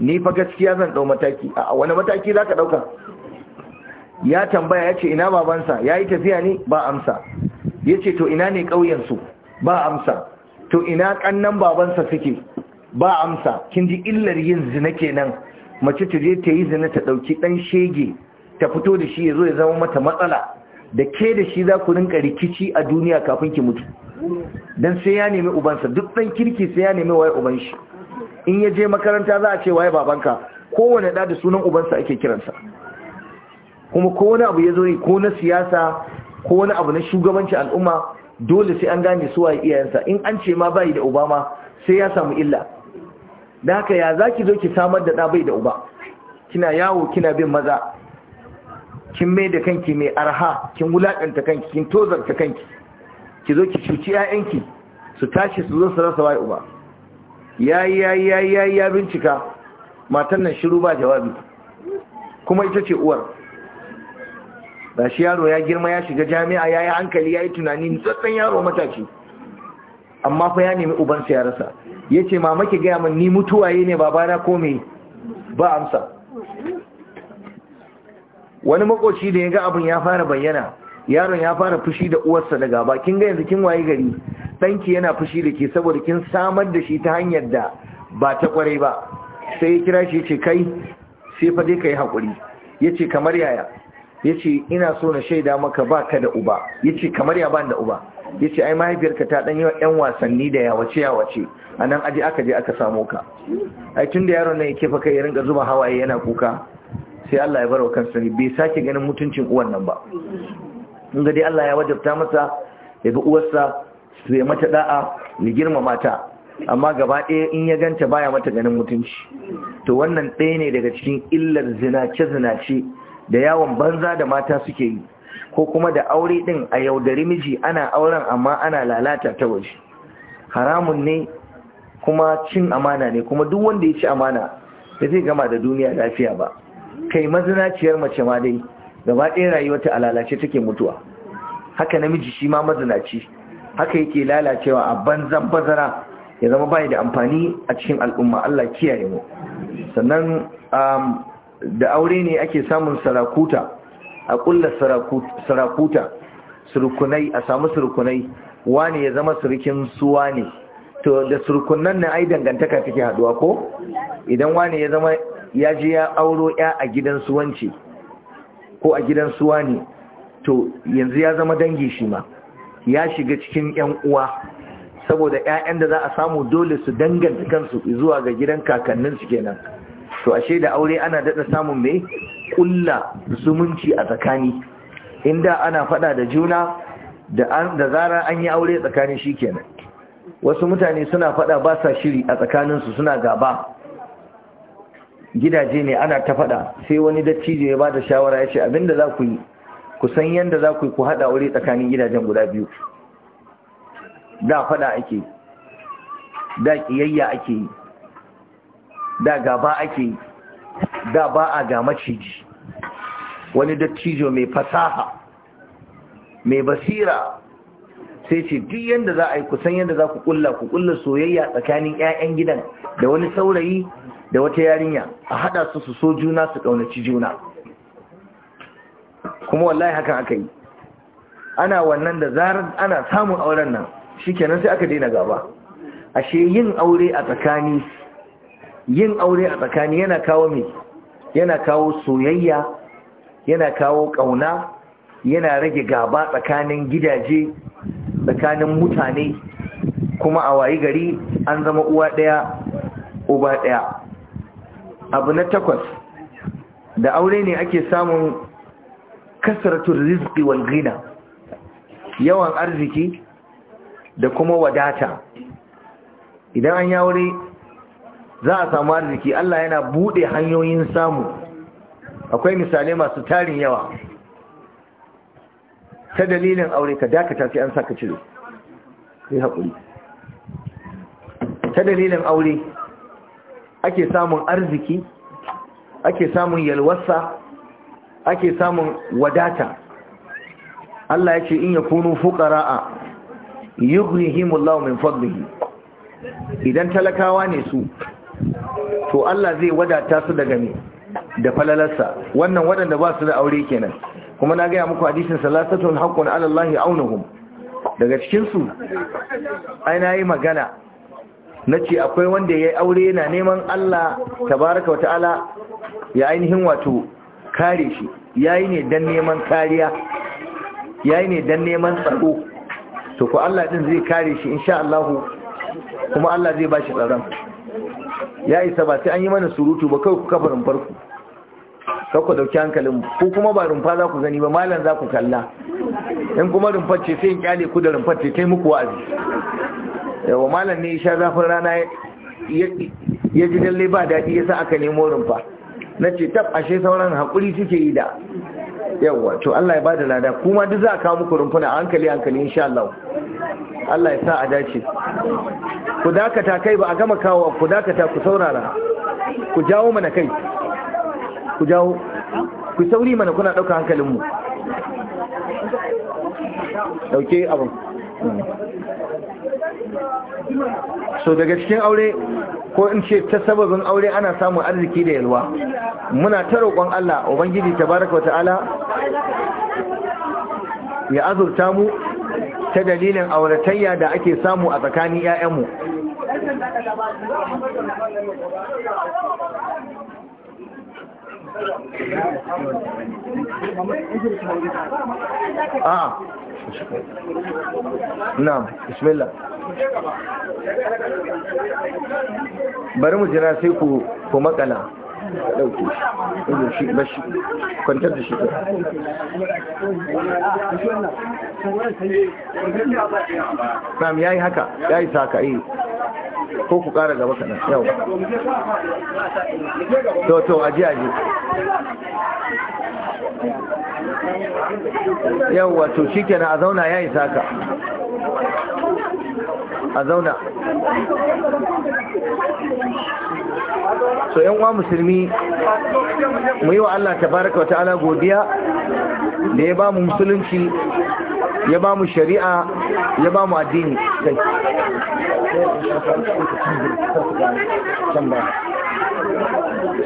ni fa gaskiya zan dau mataki a wani mataki zaka dauka ya tambaya yace ina babansa yayi tafiya ne ba amsa yace to ina ne kauyen su ba amsa to ina kannan babansa suke ba amsa kin ji illar yin zina kenan mace ta je ta yi zina ta dauki dan shege ta fito da shi yazo ya zama mata matsala da ke da shi za ku rinka rikici a duniya kafin ki mutu dan sai ya nemi ubansa duk dan kirki sai ya nemi waye ubanshi. in ya je makaranta za a ce waye babanka kowane da da sunan ubansa ake kiransa kuma ko wani abu ya zo ko na siyasa ko wani abu na shugabanci al'umma dole sai an gane su waye iyayensa in an ce ma bai da uba ma sai ya samu illa da haka ya zaki zo ki samar da ɗa bai da uba kina yawo kina bin maza kin mai da kanki mai arha kin wulaƙanta kanki kin tozarta kanki ki zo ki cuci 'ya'yanki su tashi su zo su rasa waye uba ya yi ya yi ya yi ya yi ya bincika matan nan shiru ba jawabi kuma ita ce uwar Ba shi yaro ya girma ya shiga jami'a ya yi hankali ya yi tunani nutsatsen yaro matashi amma fa ya nemi ubansa ya rasa ya ce mama ki gaya min ni mutuwaye ne babana ko me ba amsa wani makoci da ya ga abin ya fara bayyana yaron ya fara fushi da uwarsa da gaba kin ga yanzu kin waye gari danki yana fushi da ke saboda kin samar da shi ta hanyar da ba ta kware ba sai ya kira shi ya ce kai sai fa dai kai hakuri ya ce kamar yaya ya ce ina so na shaida maka ba ka da uba ya ce kamar ya ban da uba ya ce ai mahaifiyarka ta ɗan yi wasanni da yawace yawace a nan aje aka je aka samo ka ai tun da yaron nan ya kefa kai ya rinka zuba hawaye yana kuka sai Allah ya bar wa kansa bai sake ganin mutuncin uwan nan ba in ga dai Allah ya wajabta masa ya bi uwarsa su ya mata da'a ya girmama ta amma gaba ɗaya in ya ganta baya mata ganin mutunci to wannan ɗaya ne daga cikin illar zinace zinace da yawon banza da mata suke yi ko kuma da aure ɗin a yaudari miji ana auren amma ana lalata ta waje haramun ne kuma cin amana ne kuma duk wanda ya ci amana ba zai gama da duniya lafiya ba kai mazinaciyar mace ma dai gaba ɗaya rayuwa a lalace take mutuwa haka namiji shi ma mazinaci haka yake lalacewa a banzan bazara ya zama bai da amfani a cikin al'umma Allah kiyaye mu sannan um, da aure ne ake samun sarakuta a kulla sarakuta surukunai a samu surukunai wani ya zama surukin suwa ne to da surukunan na ai dangantaka take haduwa ko idan wani ya zama ya je ya auro ya a gidan suwanci ko a gidan suwa ne to yanzu ya zama dangi shi ma ya shiga cikin 'yan uwa saboda 'ya'yan da za a samu dole su danganta kansu zuwa ga gidan kakannin kakanninsu kenan to ashe da aure ana daɗa samun mai ƙulla zumunci a tsakani inda ana faɗa da juna da zara an yi aure tsakanin shi kenan wasu mutane suna faɗa ba sa shiri a tsakaninsu suna gaba gidaje ne ana ta faɗa sai wani dattijo ya bada shawara ya ce abinda za ku yi ku san yadda za ku yi ku haɗa wuri tsakanin gidajen guda biyu da faɗa ake da ƙiyayya ake yi da gaba ake yi da ba a ga maciji wani dattijo mai fasaha mai basira sai ce duk yadda za a yi kusan yadda za ku kulla ku kulla soyayya tsakanin 'ya'yan gidan da wani saurayi da wata yarinya a hada su su so juna su kaunaci juna kuma wallahi hakan aka yi ana wannan da zarar ana samun auren nan shikenan sai aka daina gaba ashe yin aure a tsakani yin aure a tsakani yana kawo me yana kawo soyayya yana kawo kauna yana rage gaba tsakanin gidaje tsakanin mutane kuma a wayi gari an zama uwa ɗaya uba ɗaya abu na takwas da aure ne ake samun kasaratun rizki wal gina yawan arziki da kuma wadata idan an yaure za a samu arziki Allah yana bude hanyoyin samu akwai misali masu tarin yawa ta dalilin aure ka dakata sai an saka cire sai haƙuri ta dalilin aure ake samun arziki ake samun yalwarsa ake samun wadata Allah ya ce in ya kunu fuqara'a yughnihimullahu min fadlihi idan talakawa ne su to Allah zai wadata su daga me da falalarsa wannan waɗanda ba su da aure kenan kuma na gaya muku hadisin salatatun haqqun ala Allah aunuhum daga cikin su ai nayi magana na ce akwai wanda ya yi aure yana neman Allah tabaraka wata'ala ya ainihin wato kare shi ya yi ne don neman kariya ya yi ne don neman tsaro to ku Allah din zai kare shi insha Allah kuma Allah zai ba shi tsaron ya isa ba sai an yi mana surutu ba kai ku kafa rumfarku, ka ku dauki hankalin ku kuma ba rumfa za ku gani ba malam za ku kalla in kuma rumfar ce sai in kyale ku da rumfar ce kai muku wa'azi yawa malam ne sha zafin rana ya ji dalle ba daɗi ya sa aka nemo rumfa na ce tab ashe sauran haƙuri suke yi da yawa to Allah ya bada lada kuma duk za a kawo muku rumfuna hankali hankali insha Allah Allah ya sa a dace ku dakata kai ba a gama kawo ku dakata ku saurara ku jawo mana kai ku jawo ku sauri mana kuna ɗauka hankalinmu ɗauke abin so daga cikin aure ko in ce ta sababin aure ana samun arziki da yalwa muna ta roƙon Allah ubangiji tabaraka wa ta'ala ya azurta mu ta dalilin auratayya da ake samu a tsakanin 'ya'yanmu a na bismillah bari mu jira sai ku ku makala dauke shi bashi kwantar da shi ke nam yayi haka yayi saka yi eh. ko ku kara gaba kana yau to to aje aje yawwa to shi a zauna ya isa ka a zauna so yan uwa musulmi mu yi wa Allah tabaraka wata'ala godiya da ya ba mu musulunci ya ba mu shari'a ya ba mu addini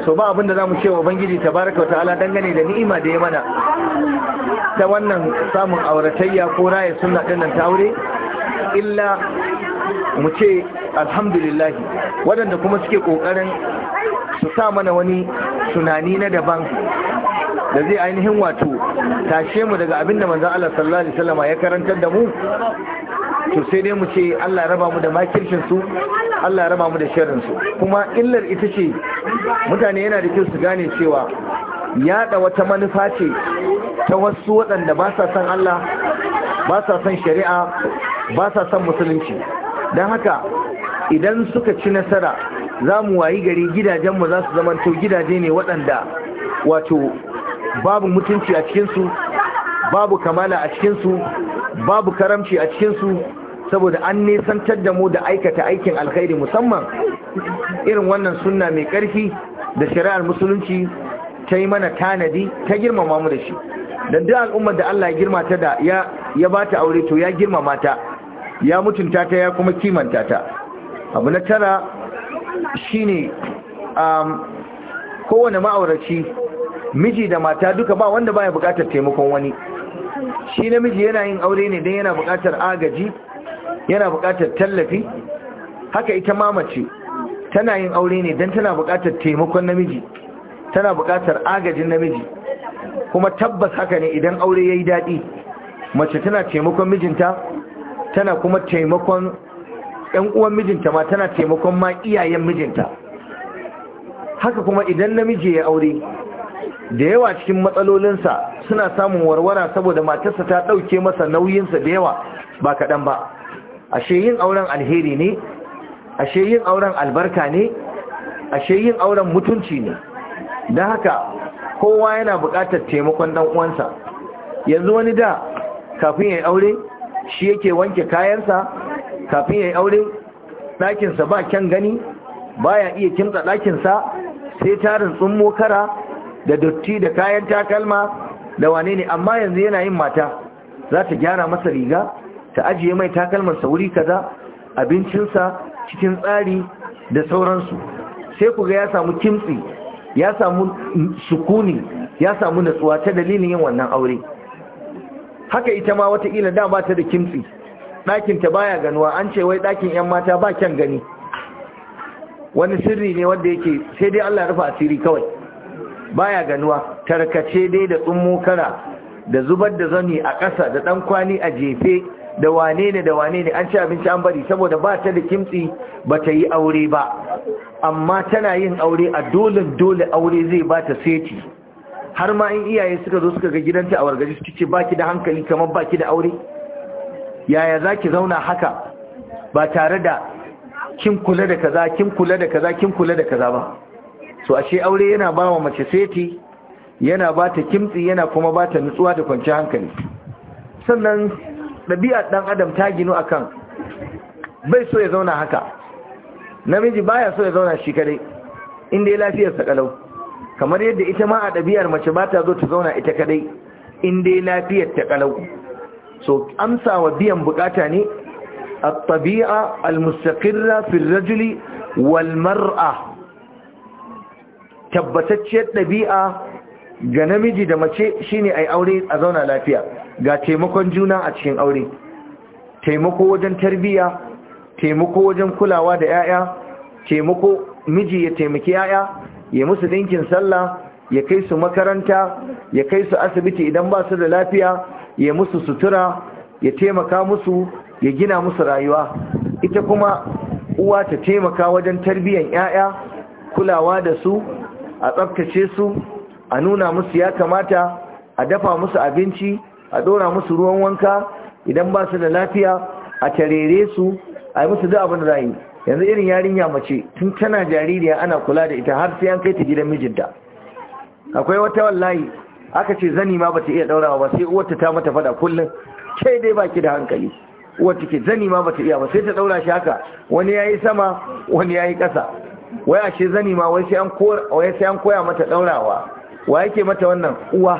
so ba abin da za mu cewa ta tabaraka wa ta'ala dangane da ni'ima da ya mana ta wannan samun auratayya ko raya suna ɗinnan ta aure illa mu ce alhamdulillahi waɗanda kuma suke ƙoƙarin su sa mana wani tunani na daban da zai ainihin wato tashe mu daga abin da manzan Allah sallallahu alaihi wasallama ya karantar da mu to sai dai mu ce Allah raba mu da makircin su Allah raba mu da sharrin su kuma illar ita ce mutane yana da kyau su gane cewa yada wata manufa ce ta wasu waɗanda ba sa son Allah ba sa son shari'a ba sa son musulunci don haka idan suka ci nasara za mu wayi gari gidajenmu za su zamanto gidaje ne waɗanda wato babu mutunci a cikinsu babu kamala a cikinsu babu karamci a cikinsu saboda an nisan da mu da aikata aikin alkhairi musamman irin wannan sunna mai ƙarfi da shari'ar musulunci ta yi mana tanadi ta girmama mu da shi don duk al'ummar da Allah ya girmata da ya ba ta aure to ya girmama ta ya mutunta ta ya kuma kimanta ta abu na tara shine um, kowane ma'auraci miji da mata duka ba wanda baya bukatar taimakon wani shi namiji yana yin aure ne don yana buƙatar agaji yana buƙatar tallafi haka ita mamace tana yin aure ne don tana buƙatar taimakon namiji tana buƙatar agajin namiji kuma tabbas haka ne idan aure ya yi daɗi mace tana taimakon mijinta tana kuma taimakon ‘yan uwan mijinta ma tana taimakon ma iyayen mijinta haka kuma idan namiji ya aure da yawa cikin matsalolinsa suna samun warwara saboda matarsa ta ɗauke masa nauyinsa da yawa ba kaɗan ba ashe yin auren alheri ne ashe yin auren albarka ne ashe yin auren mutunci ne don haka kowa yana buƙatar taimakon ɗan uwansa yanzu wani da kafin ya yi aure shi yake wanke kayansa kafin ya yi aure ɗakinsa ba kyan gani baya iya kimtsa ɗakinsa sai tarin tsummo kara da dotti da kayan takalma da wane ne amma yanzu yana yin mata za ta gyara masa riga ta ajiye mai takalman wuri kaza abincinsa cikin tsari da sauransu sai ku ga ya samu kimtsi ya samu sukuni ya samu natsuwa ta dalilin yin wannan aure haka ita ma watakila da ba ta da kimtsi ɗakinta baya ganuwa an ce wai ɗakin 'yan mata ba kyan gani wani sirri ne wanda yake sai dai Allah rufa asiri kawai baya ganuwa tarkace dai da kara da zubar da zani a ƙasa da ɗan kwani a jefe da wane ne da wane ne an ci abinci an bari saboda ba ta da kimtsi ba ta yi aure ba amma tana yin aure a dolin dole aure zai ba ta seti har ma in iyaye suka zo suka ga gidanta a wargaji suka ce baki da hankali kamar baki da aure yaya za ki zauna haka ba tare da kin kula da kaza kin kula da kaza kin kula da kaza ba so ashe aure yana ba wa mace seti yana ba ta kimtsi yana kuma ba ta nutsuwa da kwanci hankali sannan ɗabi'ar ɗan adam ta ginu akan bai so ya zauna haka namiji baya so ya zauna shi kadai inda ya lafiyarsa kalau kamar yadda ita ma a ɗabi'ar mace ba ta zo ta zauna ita kadai inda ya lafiyar ta kalau so amsawa biyan bukata ne al-mustaqirra fil rajuli wal Walmar'a. tabbatacciyar ɗabi'a ga namiji da mace shine yi aure a zauna lafiya ga taimakon juna a cikin aure taimako wajen tarbiyya taimako wajen kulawa da 'ya'ya taimako miji ya taimaki 'ya'ya ya musu ɗinkin sallah ya kai su makaranta ya kai su asibiti idan ba su da lafiya ya musu sutura ya taimaka musu ya gina musu rayuwa ita kuma uwa ta taimaka wajen tarbiyyar 'ya'ya kulawa da su a tsabtace su a nuna musu ya kamata a dafa musu abinci a dora musu ruwan wanka idan ba su da lafiya a tarere su a yi musu duk abin da yi yanzu irin yarinya mace tun tana jaririya ana kula da ita har sai an kai ta gidan mijinta akwai wata wallahi aka ce zani ma bata iya daurawa ba sai uwarta ta mata fada kullum ke dai baki da hankali uwar take zani ma bata iya ba sai ta daura shi haka wani yayi sama wani yayi ƙasa. wai ashe zani ma wai sai an koya mata daurawa. wa yake mata wannan uwa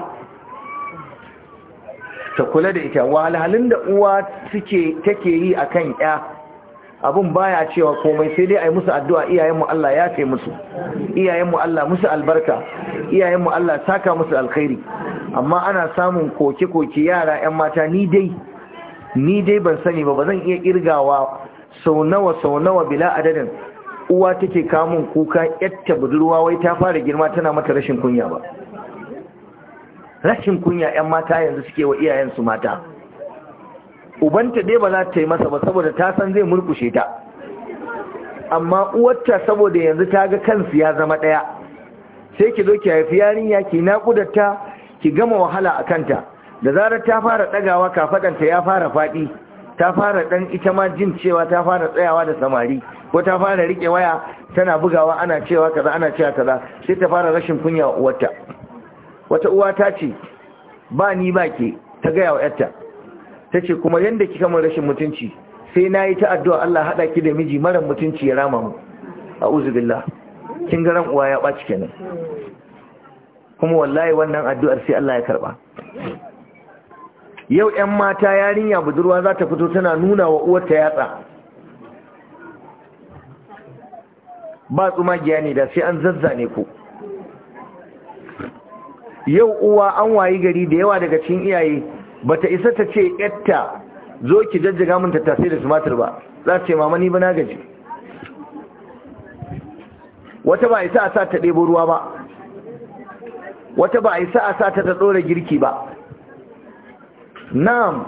ta kula da ita wahalhalun da uwa take yi a kan ya abin baya cewa komai sai dai a yi musu addu'a iyayenmu Allah ya ce musu iyayenmu Allah musu albarka iyayenmu Allah saka musu alkhairi amma ana samun koke-koke yara 'yan mata ni dai ni dai ban sani ba ba zan iya irgawa sau nawa sau nawa bila adadin uwa take kamun kuka yatta budurwa wai ta fara girma tana mata rashin kunya ba rashin kunya 'yan mata yanzu suke wa iyayensu mata ubanta dai ba za ta yi masa ba saboda ta san zai murkushe ta amma uwarta saboda yanzu ta ga kansu ya zama ɗaya sai ki zo ki haifi yarinya ki ta ki gama wahala a kanta da zarar ta fara ɗagawa kafaɗanta ya fara faɗi ta fara ɗan ita ma jin cewa ta fara tsayawa da samari ko ta fara rike waya tana bugawa ana cewa kaza ana cewa kaza sai ta fara rashin kunya uwarta wata uwa ta ce ba ni ba ke ta gaya wa yarta ta ce kuma yadda kika mun rashin mutunci sai na yi ta addu'a Allah hada ki da miji mara mutunci ya rama mu a'udhu billah kin ran uwa ya ɓaci kenan kuma wallahi wannan addu'ar sai Allah ya karɓa yau ‘yan mata yarinya budurwa za ta fito tana nuna wa uwarta yatsa ba giya ne da sai an zazzane ku yau uwa an wayi gari da yawa daga cikin iyaye bata isa ta ce yatta zo ki jajjaga mun tattasai da tumatir ba za ce mama ni ba na gaji wata ba isa a sa ta ɗebo ruwa ba wata ba isa a sa ta ta ɗora girki ba na'am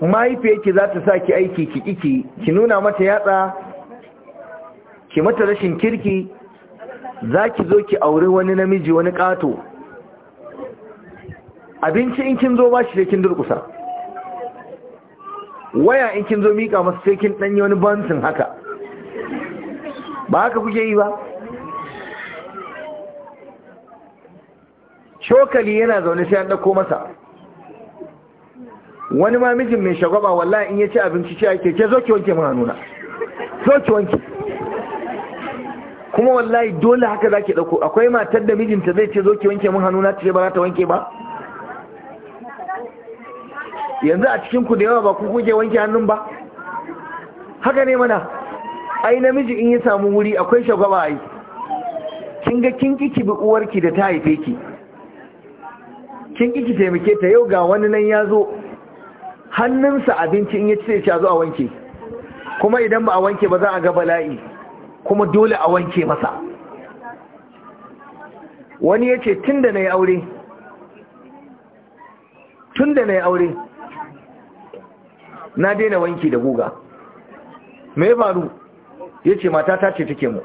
mahaifiyarki za ta sa ki aiki ki ki nuna mata yatsa ki mata rashin kirki za ki zo ki auri wani namiji wani kato. abinci in kin zo ba shi sai kin durkusa waya in kin zo miƙa masa sai kin ɗanyi wani bansin haka ba haka kuke yi ba cokali yana zaune sai an ɗauko masa wani ma mijin mai shagwaba wallahi in ya ci abinci ci ake ke zo ki wanke mun hannuna zo ki wanke kuma wallahi dole haka zaki dauko akwai matar da mijinta zai ce zo ki wanke min hannu na ce ba za ta wanke ba yanzu a cikin ku da yawa ba ku kuke wanke hannun ba haka ne mana ai namiji in ya samu wuri akwai shagwaba ai kin ga kin kiki bi ki da ta haife ki kin kiki taimake ta yau ga wani nan ya zo hannunsa abinci in ya ce ya zo a wanke kuma idan ba a wanke ba za a ga bala'i kuma dole a wanke masa wani ya ce tun da na yi aure tun da na yi aure na daina wanki da guga mai faru ya ce mata ta ce take mu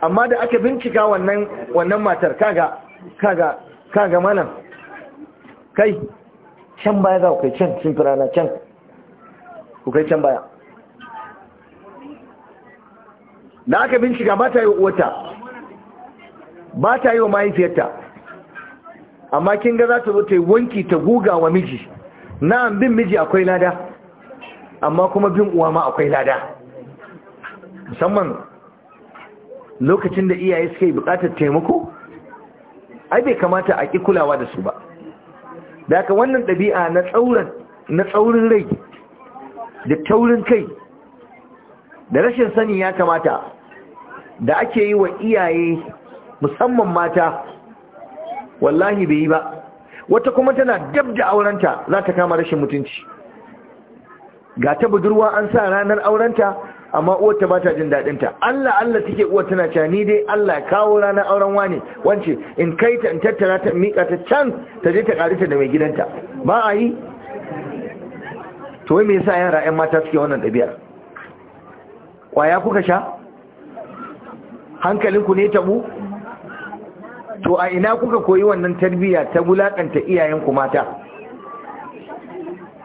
amma da aka bincika wannan matar kaga kaga kaga mana kai can baya za ku kai can sun firana can ku kai can baya da aka bincika ba ta yi wa ba ta yi wa mahaifiyarta amma kin ga za ta zo ta yi wanki ta guga wa miji na bin miji akwai lada amma kuma bin uwa ma akwai lada musamman lokacin da iyaye suke bukatar taimako ai bai kamata a ƙi kulawa da su ba da aka wannan ɗabi'a na tsaurin rai da taurin kai da rashin sani ya kamata da ake yi wa iyaye musamman mata wallahi bai yi ba wata kuma tana dab da aurenta za ta kama rashin mutunci ga ta budurwa an sa ranar aurenta amma uwarta ba ta jin daɗinta Allah Allah take uwar tana cewa ni dai Allah ya kawo ranar auren wane wance in kai ta in tattara ta mika ta can ta je ta ta da mai gidanta ba a yi to wai me yasa yara 'yan mata suke wannan ɗabi'ar kwaya kuka sha hankalinku ne tabu to a ina kuka koyi wannan tarbiyya ta bulakanta iyayenku mata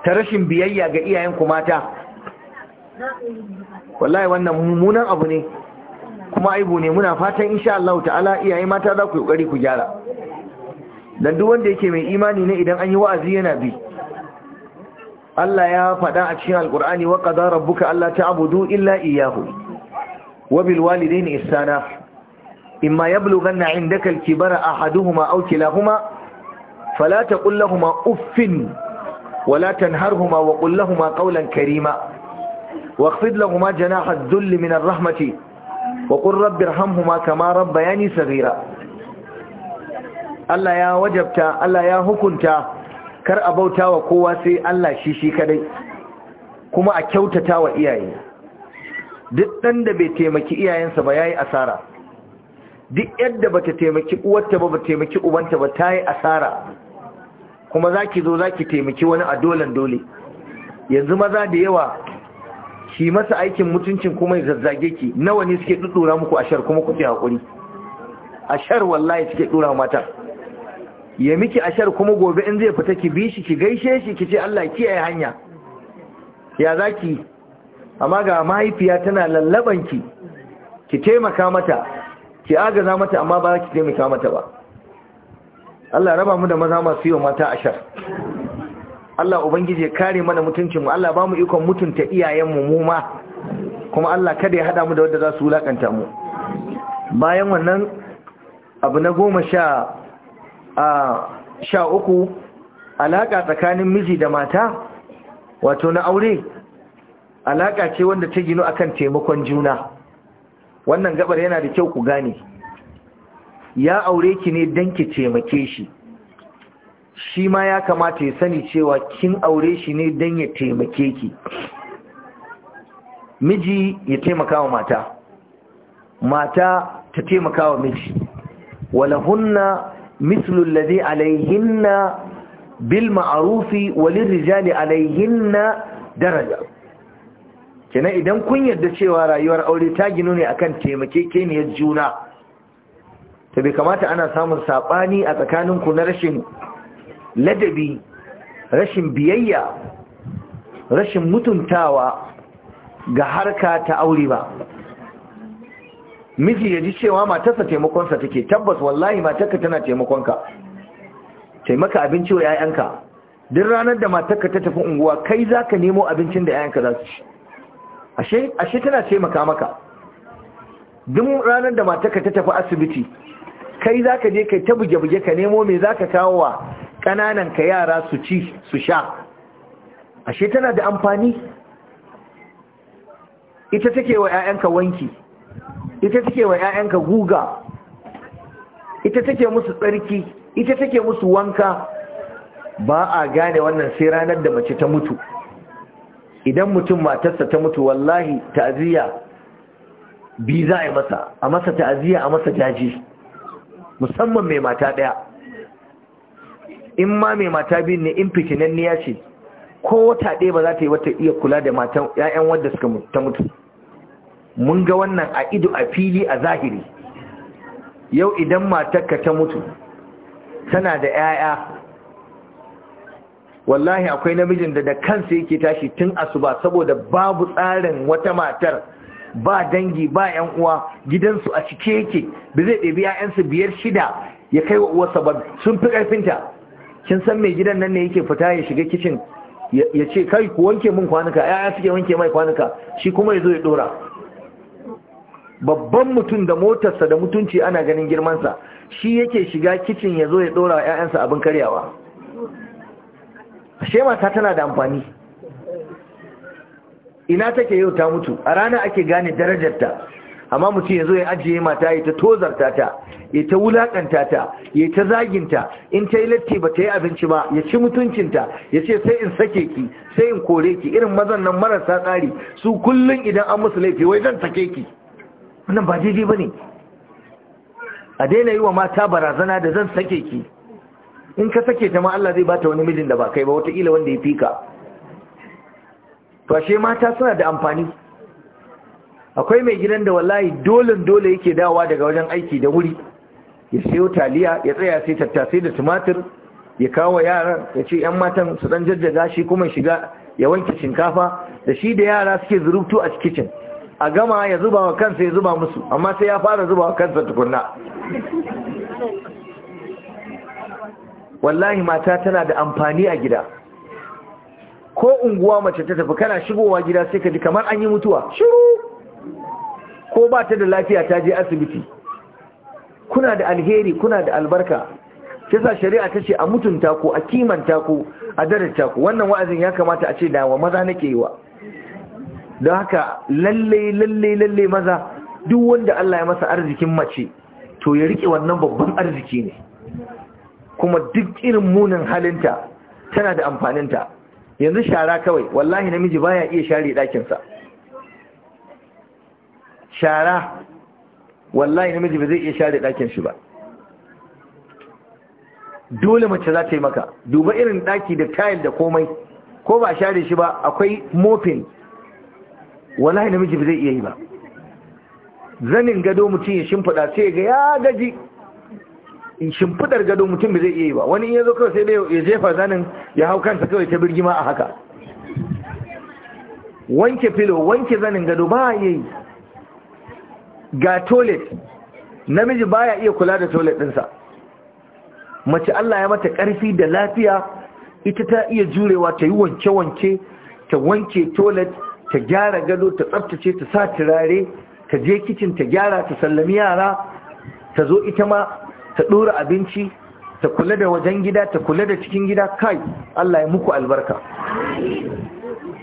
ta rashin biyayya ga iyayenku mata wallahi wannan mummunan abu ne kuma aibu ne muna fatan insha Allah ta'ala iyaye mata za ku yi kokari ku gyara dan duk wanda yake mai imani ne idan an yi wa'azi yana bi Allah ya faɗa a cikin Alƙur'ani wa qadara rabbuka alla ta'budu illa iyyahu wabil walidaini ihsana imma yablughanna 'indaka al-kibara ahaduhuma aw kilahuma fala taqul lahumā uffin wala tanharhumā wa qul lahumā qawlan karīmā واخفض لهما جناح الذل من الرحمة وقل رب ارحمهما كما ربياني صغيرا Allah ya wajabta Allah ya hukunta kar a bauta wa kowa sai Allah shi shi kadai kuma a kyautata wa iyaye duk ɗan da bai taimaki iyayensa ba ya yi asara duk yadda ba ta taimaki uwarta ba ba taimaki ubanta ba ta yi asara kuma za ki zo za ki taimaki wani a dolan dole yanzu maza da yawa ki masa aikin mutuncin kuma ya zazzage ki nawa ne suke ɗuɗɗura muku ashar kuma kuke haƙuri ashar wallahi suke ɗura mata ya miki ashar kuma gobe in zai fita ki bi shi ki gaishe shi ki ce Allah kiyaye hanya ya za ki amma ga mahaifiya tana lallabanki ki taimaka mata ki agaza mata amma ba ki taimaka mata ba Allah raba mu da maza masu yi wa mata ashar Allah ya kare mana mutuncinmu Allah ba mu ikon mutunta iyayenmu mu ma kuma Allah kada ya hada mu da wanda za su wulakanta mu bayan wannan abu na goma sha a sha uku alaka tsakanin miji da mata wato na aure Alaƙa ce wanda ta gino akan taimakon juna wannan gabar yana da kyau ku gane ya aure ki ne don ki taimake shi shi ma ya kamata ya sani cewa kin aure shi ne don ya taimake ki miji ya taimaka wa mata mata ta taimaka wa miji walahunna mislu alladhi alaihinna bil ma'rufi walirrijali alayhinna daraja kenan idan kun yarda cewa rayuwar aure ta ginu ne akan taimakekeniyar juna ta bai kamata ana samun saɓani a tsakaninku na rashin ladabi rashin biyayya rashin mutuntawa ga harka ta aure ba miji ya ji cewa matarsa taimakonsa take tabbas wallahi matarka tana taimakonka taimaka abinci wa 'ya'yanka duk ranar da matarka ta tafi unguwa kai za ka nemo abincin da 'ya'yanka za su ci ashe tana taimaka maka duk ranar da matarka ta tafi asibiti kai za ka je kai ta buge-buge ka nemo mai za ka kawo wa ƙananan ka yara su ci su sha ashe tana da amfani ita take wa 'ya'yanka wanki ita take wa 'ya'yanka guga ita take musu tsarki ita take musu wanka ba a gane wannan sai ranar da mace ta mutu idan mutum matarsa ta mutu wallahi ta'aziyya bi za a masa a masa ta'aziyya a masa jaji musamman mai mata ɗaya in ma mai mata biyu ne in fitinanniya ce ko wata ɗaya ba za ta yi wata iya kula da matan 'ya'yan wadda suka ta mutu mun ga wannan a ido a fili a zahiri yau idan matarka ta mutu tana da 'ya'ya wallahi akwai namijin da da kansa yake tashi tun asuba saboda babu tsarin wata matar ba dangi ba yan uwa gidansu a cike yake da zai ɗebi 'ya'yansu biyar shida ya kai wa uwarsa ba sun fi ƙarfinta kin san mai gidan nan ne yake fita ya shiga kicin ya ce kai ku wanke min kwanuka 'ya'ya suke wanke mai kwanuka shi kuma ya zo ya ɗora babban mutum da motarsa da mutunci ana ganin girmansa shi yake shiga kicin ya zo ya ɗora 'ya'yansa abin karyawa ashe mata tana da amfani ina take yau ta mutu a rana ake gane darajarta amma mutum ya zo ya ajiye mata ya ta tozarta ta ya ta wulakanta ta ya ta zaginta in ta yi latti ba ta yi abinci ba ya ci mutuncinta ya ce sai in sake ki sai in kore ki irin mazan nan marasa tsari su kullum idan an musu laifi wai zan sake ki wannan ba daidai ba ne a daina yi wa mata barazana da zan sake ki in ka sake ta ma Allah zai bata wani mijin da ba kai ba wataƙila wanda ya fi ka to mata suna da amfani akwai mai gidan da wallahi dole dole yake dawa daga wajen aiki da wuri ya sayo taliya ya tsaya sai tattasai da tumatir ya kawo yaran ya ce yan matan su dan jajjaga shi kuma shiga ya wanke shinkafa da shi da yara suke zurutu a kicin a gama ya zuba wa kansa ya zuba musu amma sai ya fara zuba wa kansa tukunna wallahi mata tana da amfani a gida ko unguwa mace ta tafi kana shigowa gida sai ka ji kamar an yi mutuwa shiru ko ba ta da lafiya ta je asibiti kuna da alheri kuna da albarka sa shari'a ta ce a mutunta ku a kimanta ku a daraja ku wannan wa'azin ya kamata a ce da wa maza nake yi wa don haka lalle lalle lalle maza duk wanda Allah ya masa arzikin mace to ya rike wannan babban arziki ne kuma duk irin munin halinta tana da amfaninta yanzu shara kawai wallahi namiji baya iya share ɗakinsa shara wallahi namiji ba zai iya share ɗakin shi ba dole mace za ta yi maka duba irin ɗaki da tayil da komai ko ba share shi ba akwai mopin wallahi namiji ba zai iya yi ba zanin gado mutum ya shimfiɗa sai ga ya gaji shimfidar gado mutum zai iya yi ba wani iya zo kawai sai dai ya jefa zanin ya hau kansa kawai ta birgima a haka wanke filo wanke zanin gado ba ya yi ga toilet namiji ba ya iya kula da toilet ɗinsa mace Allah ya mata ƙarfi da lafiya ita ta iya jurewa ta yi wanke-wanke ta wanke toilet ta gyara gado ta tsabtace ta sa turare ta je kicin ta gyara ta sallami yara ta zo ita ma ta ɗora abinci ta kula da wajen gida ta kula da cikin gida kai Allah ya muku albarka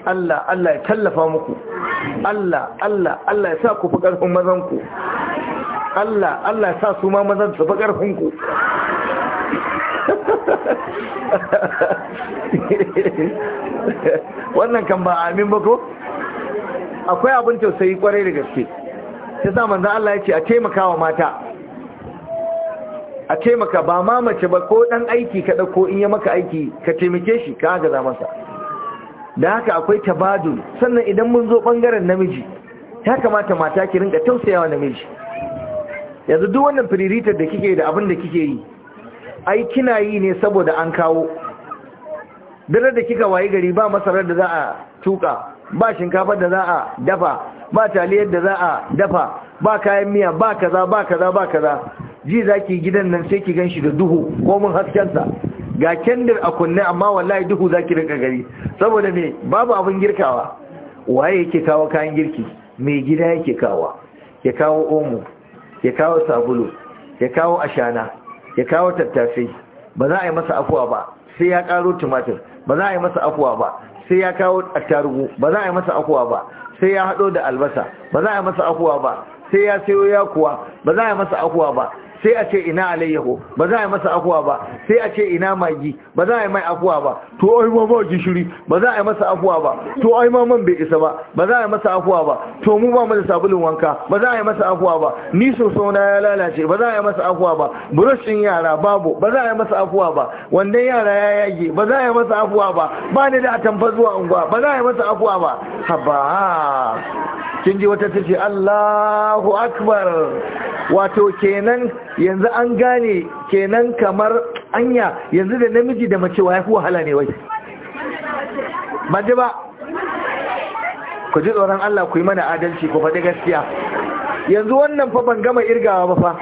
Allah Allah ya tallafa muku Allah Allah Allah ya sa ku fi ƙarfin mazanku Allah Allah ya sa su ma mazan su fi ƙarfin ku. wannan kan ba amin ba ko akwai abin tausayi kwarai da gaske ta sa Allah ya ce a taimaka wa mata a taimaka ba ma mace ba ko dan aiki ka ɗauko in yi maka aiki ka taimake shi ka za masa da haka akwai tabadul sannan idan mun zo ɓangaren namiji ya kamata mata ki rinka tausayawa namiji yanzu duk wannan firiritar da kike da abin da kike yi ai kina yi ne saboda an kawo dare da kika wayi gari ba masarar da za a tuka ba shinkafar da za a dafa ba taliyar da za a dafa ba kayan miya ba kaza ba kaza ba kaza ji zaki gidan nan sai ki gan shi da duhu ko mun haskensa ga kendir a kunne amma wallahi duhu za ki rika gari saboda me babu abin girkawa waye yake kawo kayan girki mai gida yake kawo ya kawo omo ya kawo sabulu ya kawo ashana ya kawo tattafe ba za a yi masa afuwa ba sai ya karo tumatir ba za a yi masa afuwa ba sai ya kawo attarugu ba za a yi masa afuwa ba sai ya hado da albasa ba za a yi masa afuwa ba sai ya sayo yakuwa, kuwa ba za a yi masa afuwa ba sai a ce ina Alayyahu, ba za a yi masa afuwa ba sai a ce ina magi ba za a yi mai afuwa ba to ai ma ba gishiri ba za a yi masa afuwa ba to ai ma man bai isa ba ba za a yi masa afuwa ba to mu ba mu da sabulun wanka ba za a yi masa afuwa ba ni so na ya lalace ba za a yi masa afuwa ba brush din yara babu ba za a yi masa afuwa ba wanda yara ya yage ba za a yi masa afuwa ba ba ni da atamfa zuwa unguwa ba za a yi masa afuwa ba haba kin ji wata tace Allahu akbar wato kenan yanzu an gane kenan kamar anya yanzu da namiji da mace wa yafi wahala ne wai maji ba ku ji tsoron Allah ku yi mana adalci ku faɗi gaskiya yanzu wannan fa ban gama irgawa ba fa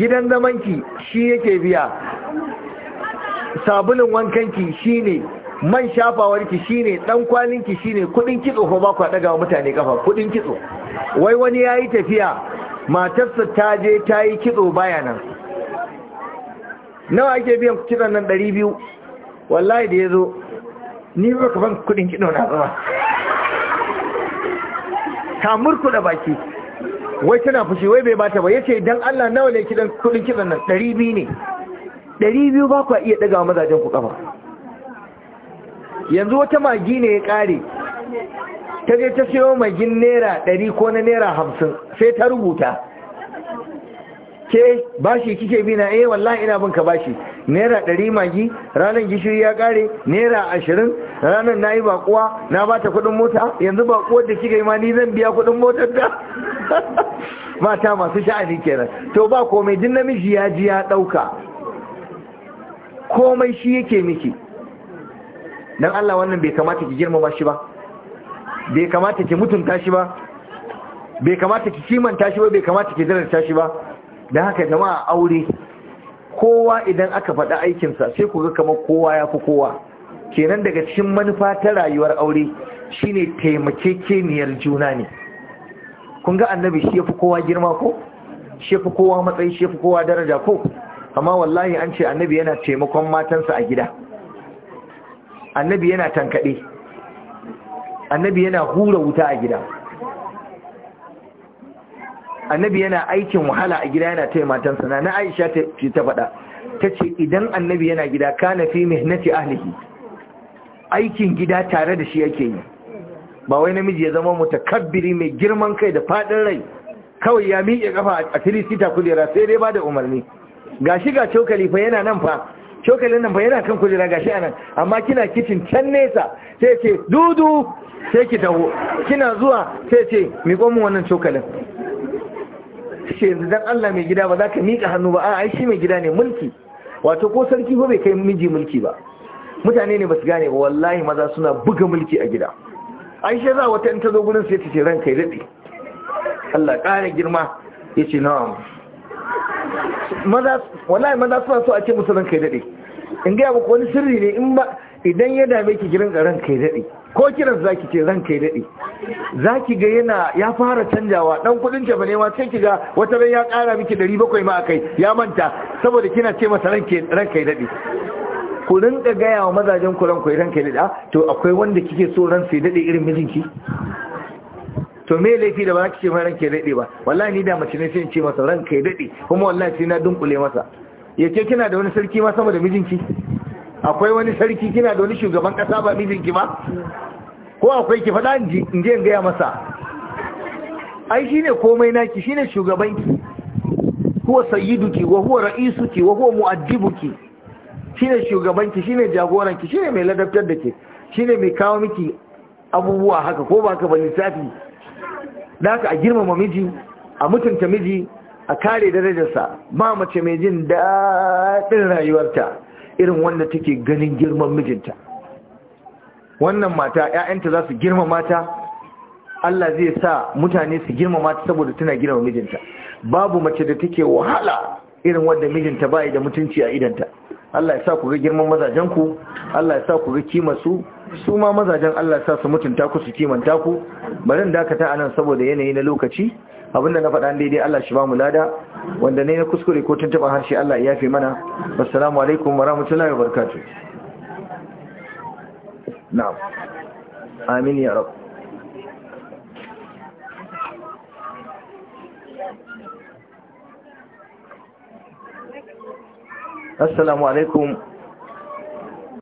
gidan zamanki shi yake biya sabulin wankanki shi ne man shafawarki shi ne ɗan kwalinki shi ne kuɗin kitso ko ba ku ɗaga mutane kafa kuɗin kitso wai wani ya yi tafiya matarsa ta je ta yi kitso baya nan nawa ake biyan kitson nan ɗari biyu? wallahi da ya zo ni ba ka ban kudin kitso na zama ta da baki wai tana fushi wai bai bata ba ya ce don Allah nawa ne kidan kudin kitson nan ɗari biyu ne ɗari biyu ba ku iya ɗaga mazajen ku kafa yanzu wata magi ne ya ƙare ta je ta siyo magin naira ɗari ko na naira hamsin sai ta rubuta ke bashi kike bi na eh wallahi ina bin ka bashi naira ɗari magi ranar gishiri ya ƙare naira ashirin ranar na yi baƙuwa na ba ta kuɗin mota yanzu baƙuwar da kika yi ma ni zan biya kuɗin motar da mata masu sha'ani kenan to ba komai duk namiji ya ji ya ɗauka komai shi yake miki Don Allah wannan bai kamata ki girmama shi ba bai kamata ki mutunta shi ba bai kamata ki kimanta shi ba bai kamata ki darata shi ba dan haka a aure kowa idan aka faɗa aikinsa sai ku ga kamar kowa ya fi kowa kenan daga cikin manufa ta rayuwar aure shine taimakekeniyar juna ne kun ga annabi shi ya fi kowa girma ko shi ya fi kowa matsayi shi ya fi kowa daraja ko amma wallahi an ce annabi yana taimakon matansa a gida annabi yana tankaɗe annabi yana hura wuta a gida annabi yana aikin wahala a gida yana taya matansa na aisha ce ta faɗa ta ce idan annabi yana gida na fi mihnati ahlihi aikin gida tare da shi yake yi ba wai namiji ya zama mutakabbiri mai girman kai da faɗin rai kawai ya miƙe kafa a tilisita kulera sai dai ba da umarni shi ga cokali fa yana nan fa cokalin nan ba yana kan kujera gashi anan amma kina kicin can nesa sai ce dudu sai ki taho kina zuwa sai ce miƙo mu wannan cokalin shi yanzu dan Allah mai gida ba za ka miƙa hannu ba a'a shi mai gida ne mulki wato ko sarki ko bai kai miji mulki ba mutane ne basu gane ba wallahi maza suna buga mulki a gida Aisha za wata in ta zo gurin sai ta ce ranka ya Allah ƙara girma yace na'am maza wallahi maza suna so a ce musu ranka ya daɗe. in gaya muku wani sirri ne in ba idan ya dame ki kiran ran kai daɗe ko kiran zaki ce ran kai daɗe zaki ga yana ya fara canjawa dan kudin ta bane ma sai ki ga wata ran ya ƙara miki 700 ma akai ya manta saboda kina ce masa ran kai ran kai daɗe ku rinka gaya wa mazajen ku ran kai ran kai daɗe ah, to akwai wanda kike so ran sai daɗe irin mijinki to me laifi da ba ki ce ma ran kai daɗe ba wallahi ni da mace ne sai in ce masa ran kai daɗe kuma wallahi sai na dunkule masa ya ce kina da wani sarki ma sama da mijinki akwai wani sarki kina da wani shugaban kasa ba mijinki ba ko akwai ki faɗa in je in gaya masa ai shine komai naki ne shugabanki huwa sayyiduki wa huwa ra'isuki wa huwa mu'addibuki ne shugabanki ne jagoranki ne mai ladabtar da ke Shi ne mai kawo miki abubuwa haka ko ba ka ba lissafi da haka a girmama miji a mutunta miji a kare darajarsa ba mace mai jin daɗin rayuwarta irin wanda take ganin girman mijinta wannan mata 'ya'yanta za su girma mata Allah zai sa mutane su girma mata saboda tana girma mijinta babu mace da take wahala irin wanda mijinta bai da mutunci a idanta Allah ya sa ku ga girman mazajen ku Allah ya sa ku ga kimar su ma mazajen Allah ya sa su mutunta ku su kimanta ku bari dakata anan saboda yanayi na lokaci abinda na faɗa daidai Allah shi ba mu lada wanda ne na kuskure ko tuntuɓa harshe Allah ya fi mana assalamu alaikum wa rahmatullahi wa barakatuh na'am amin ya rabu assalamu alaikum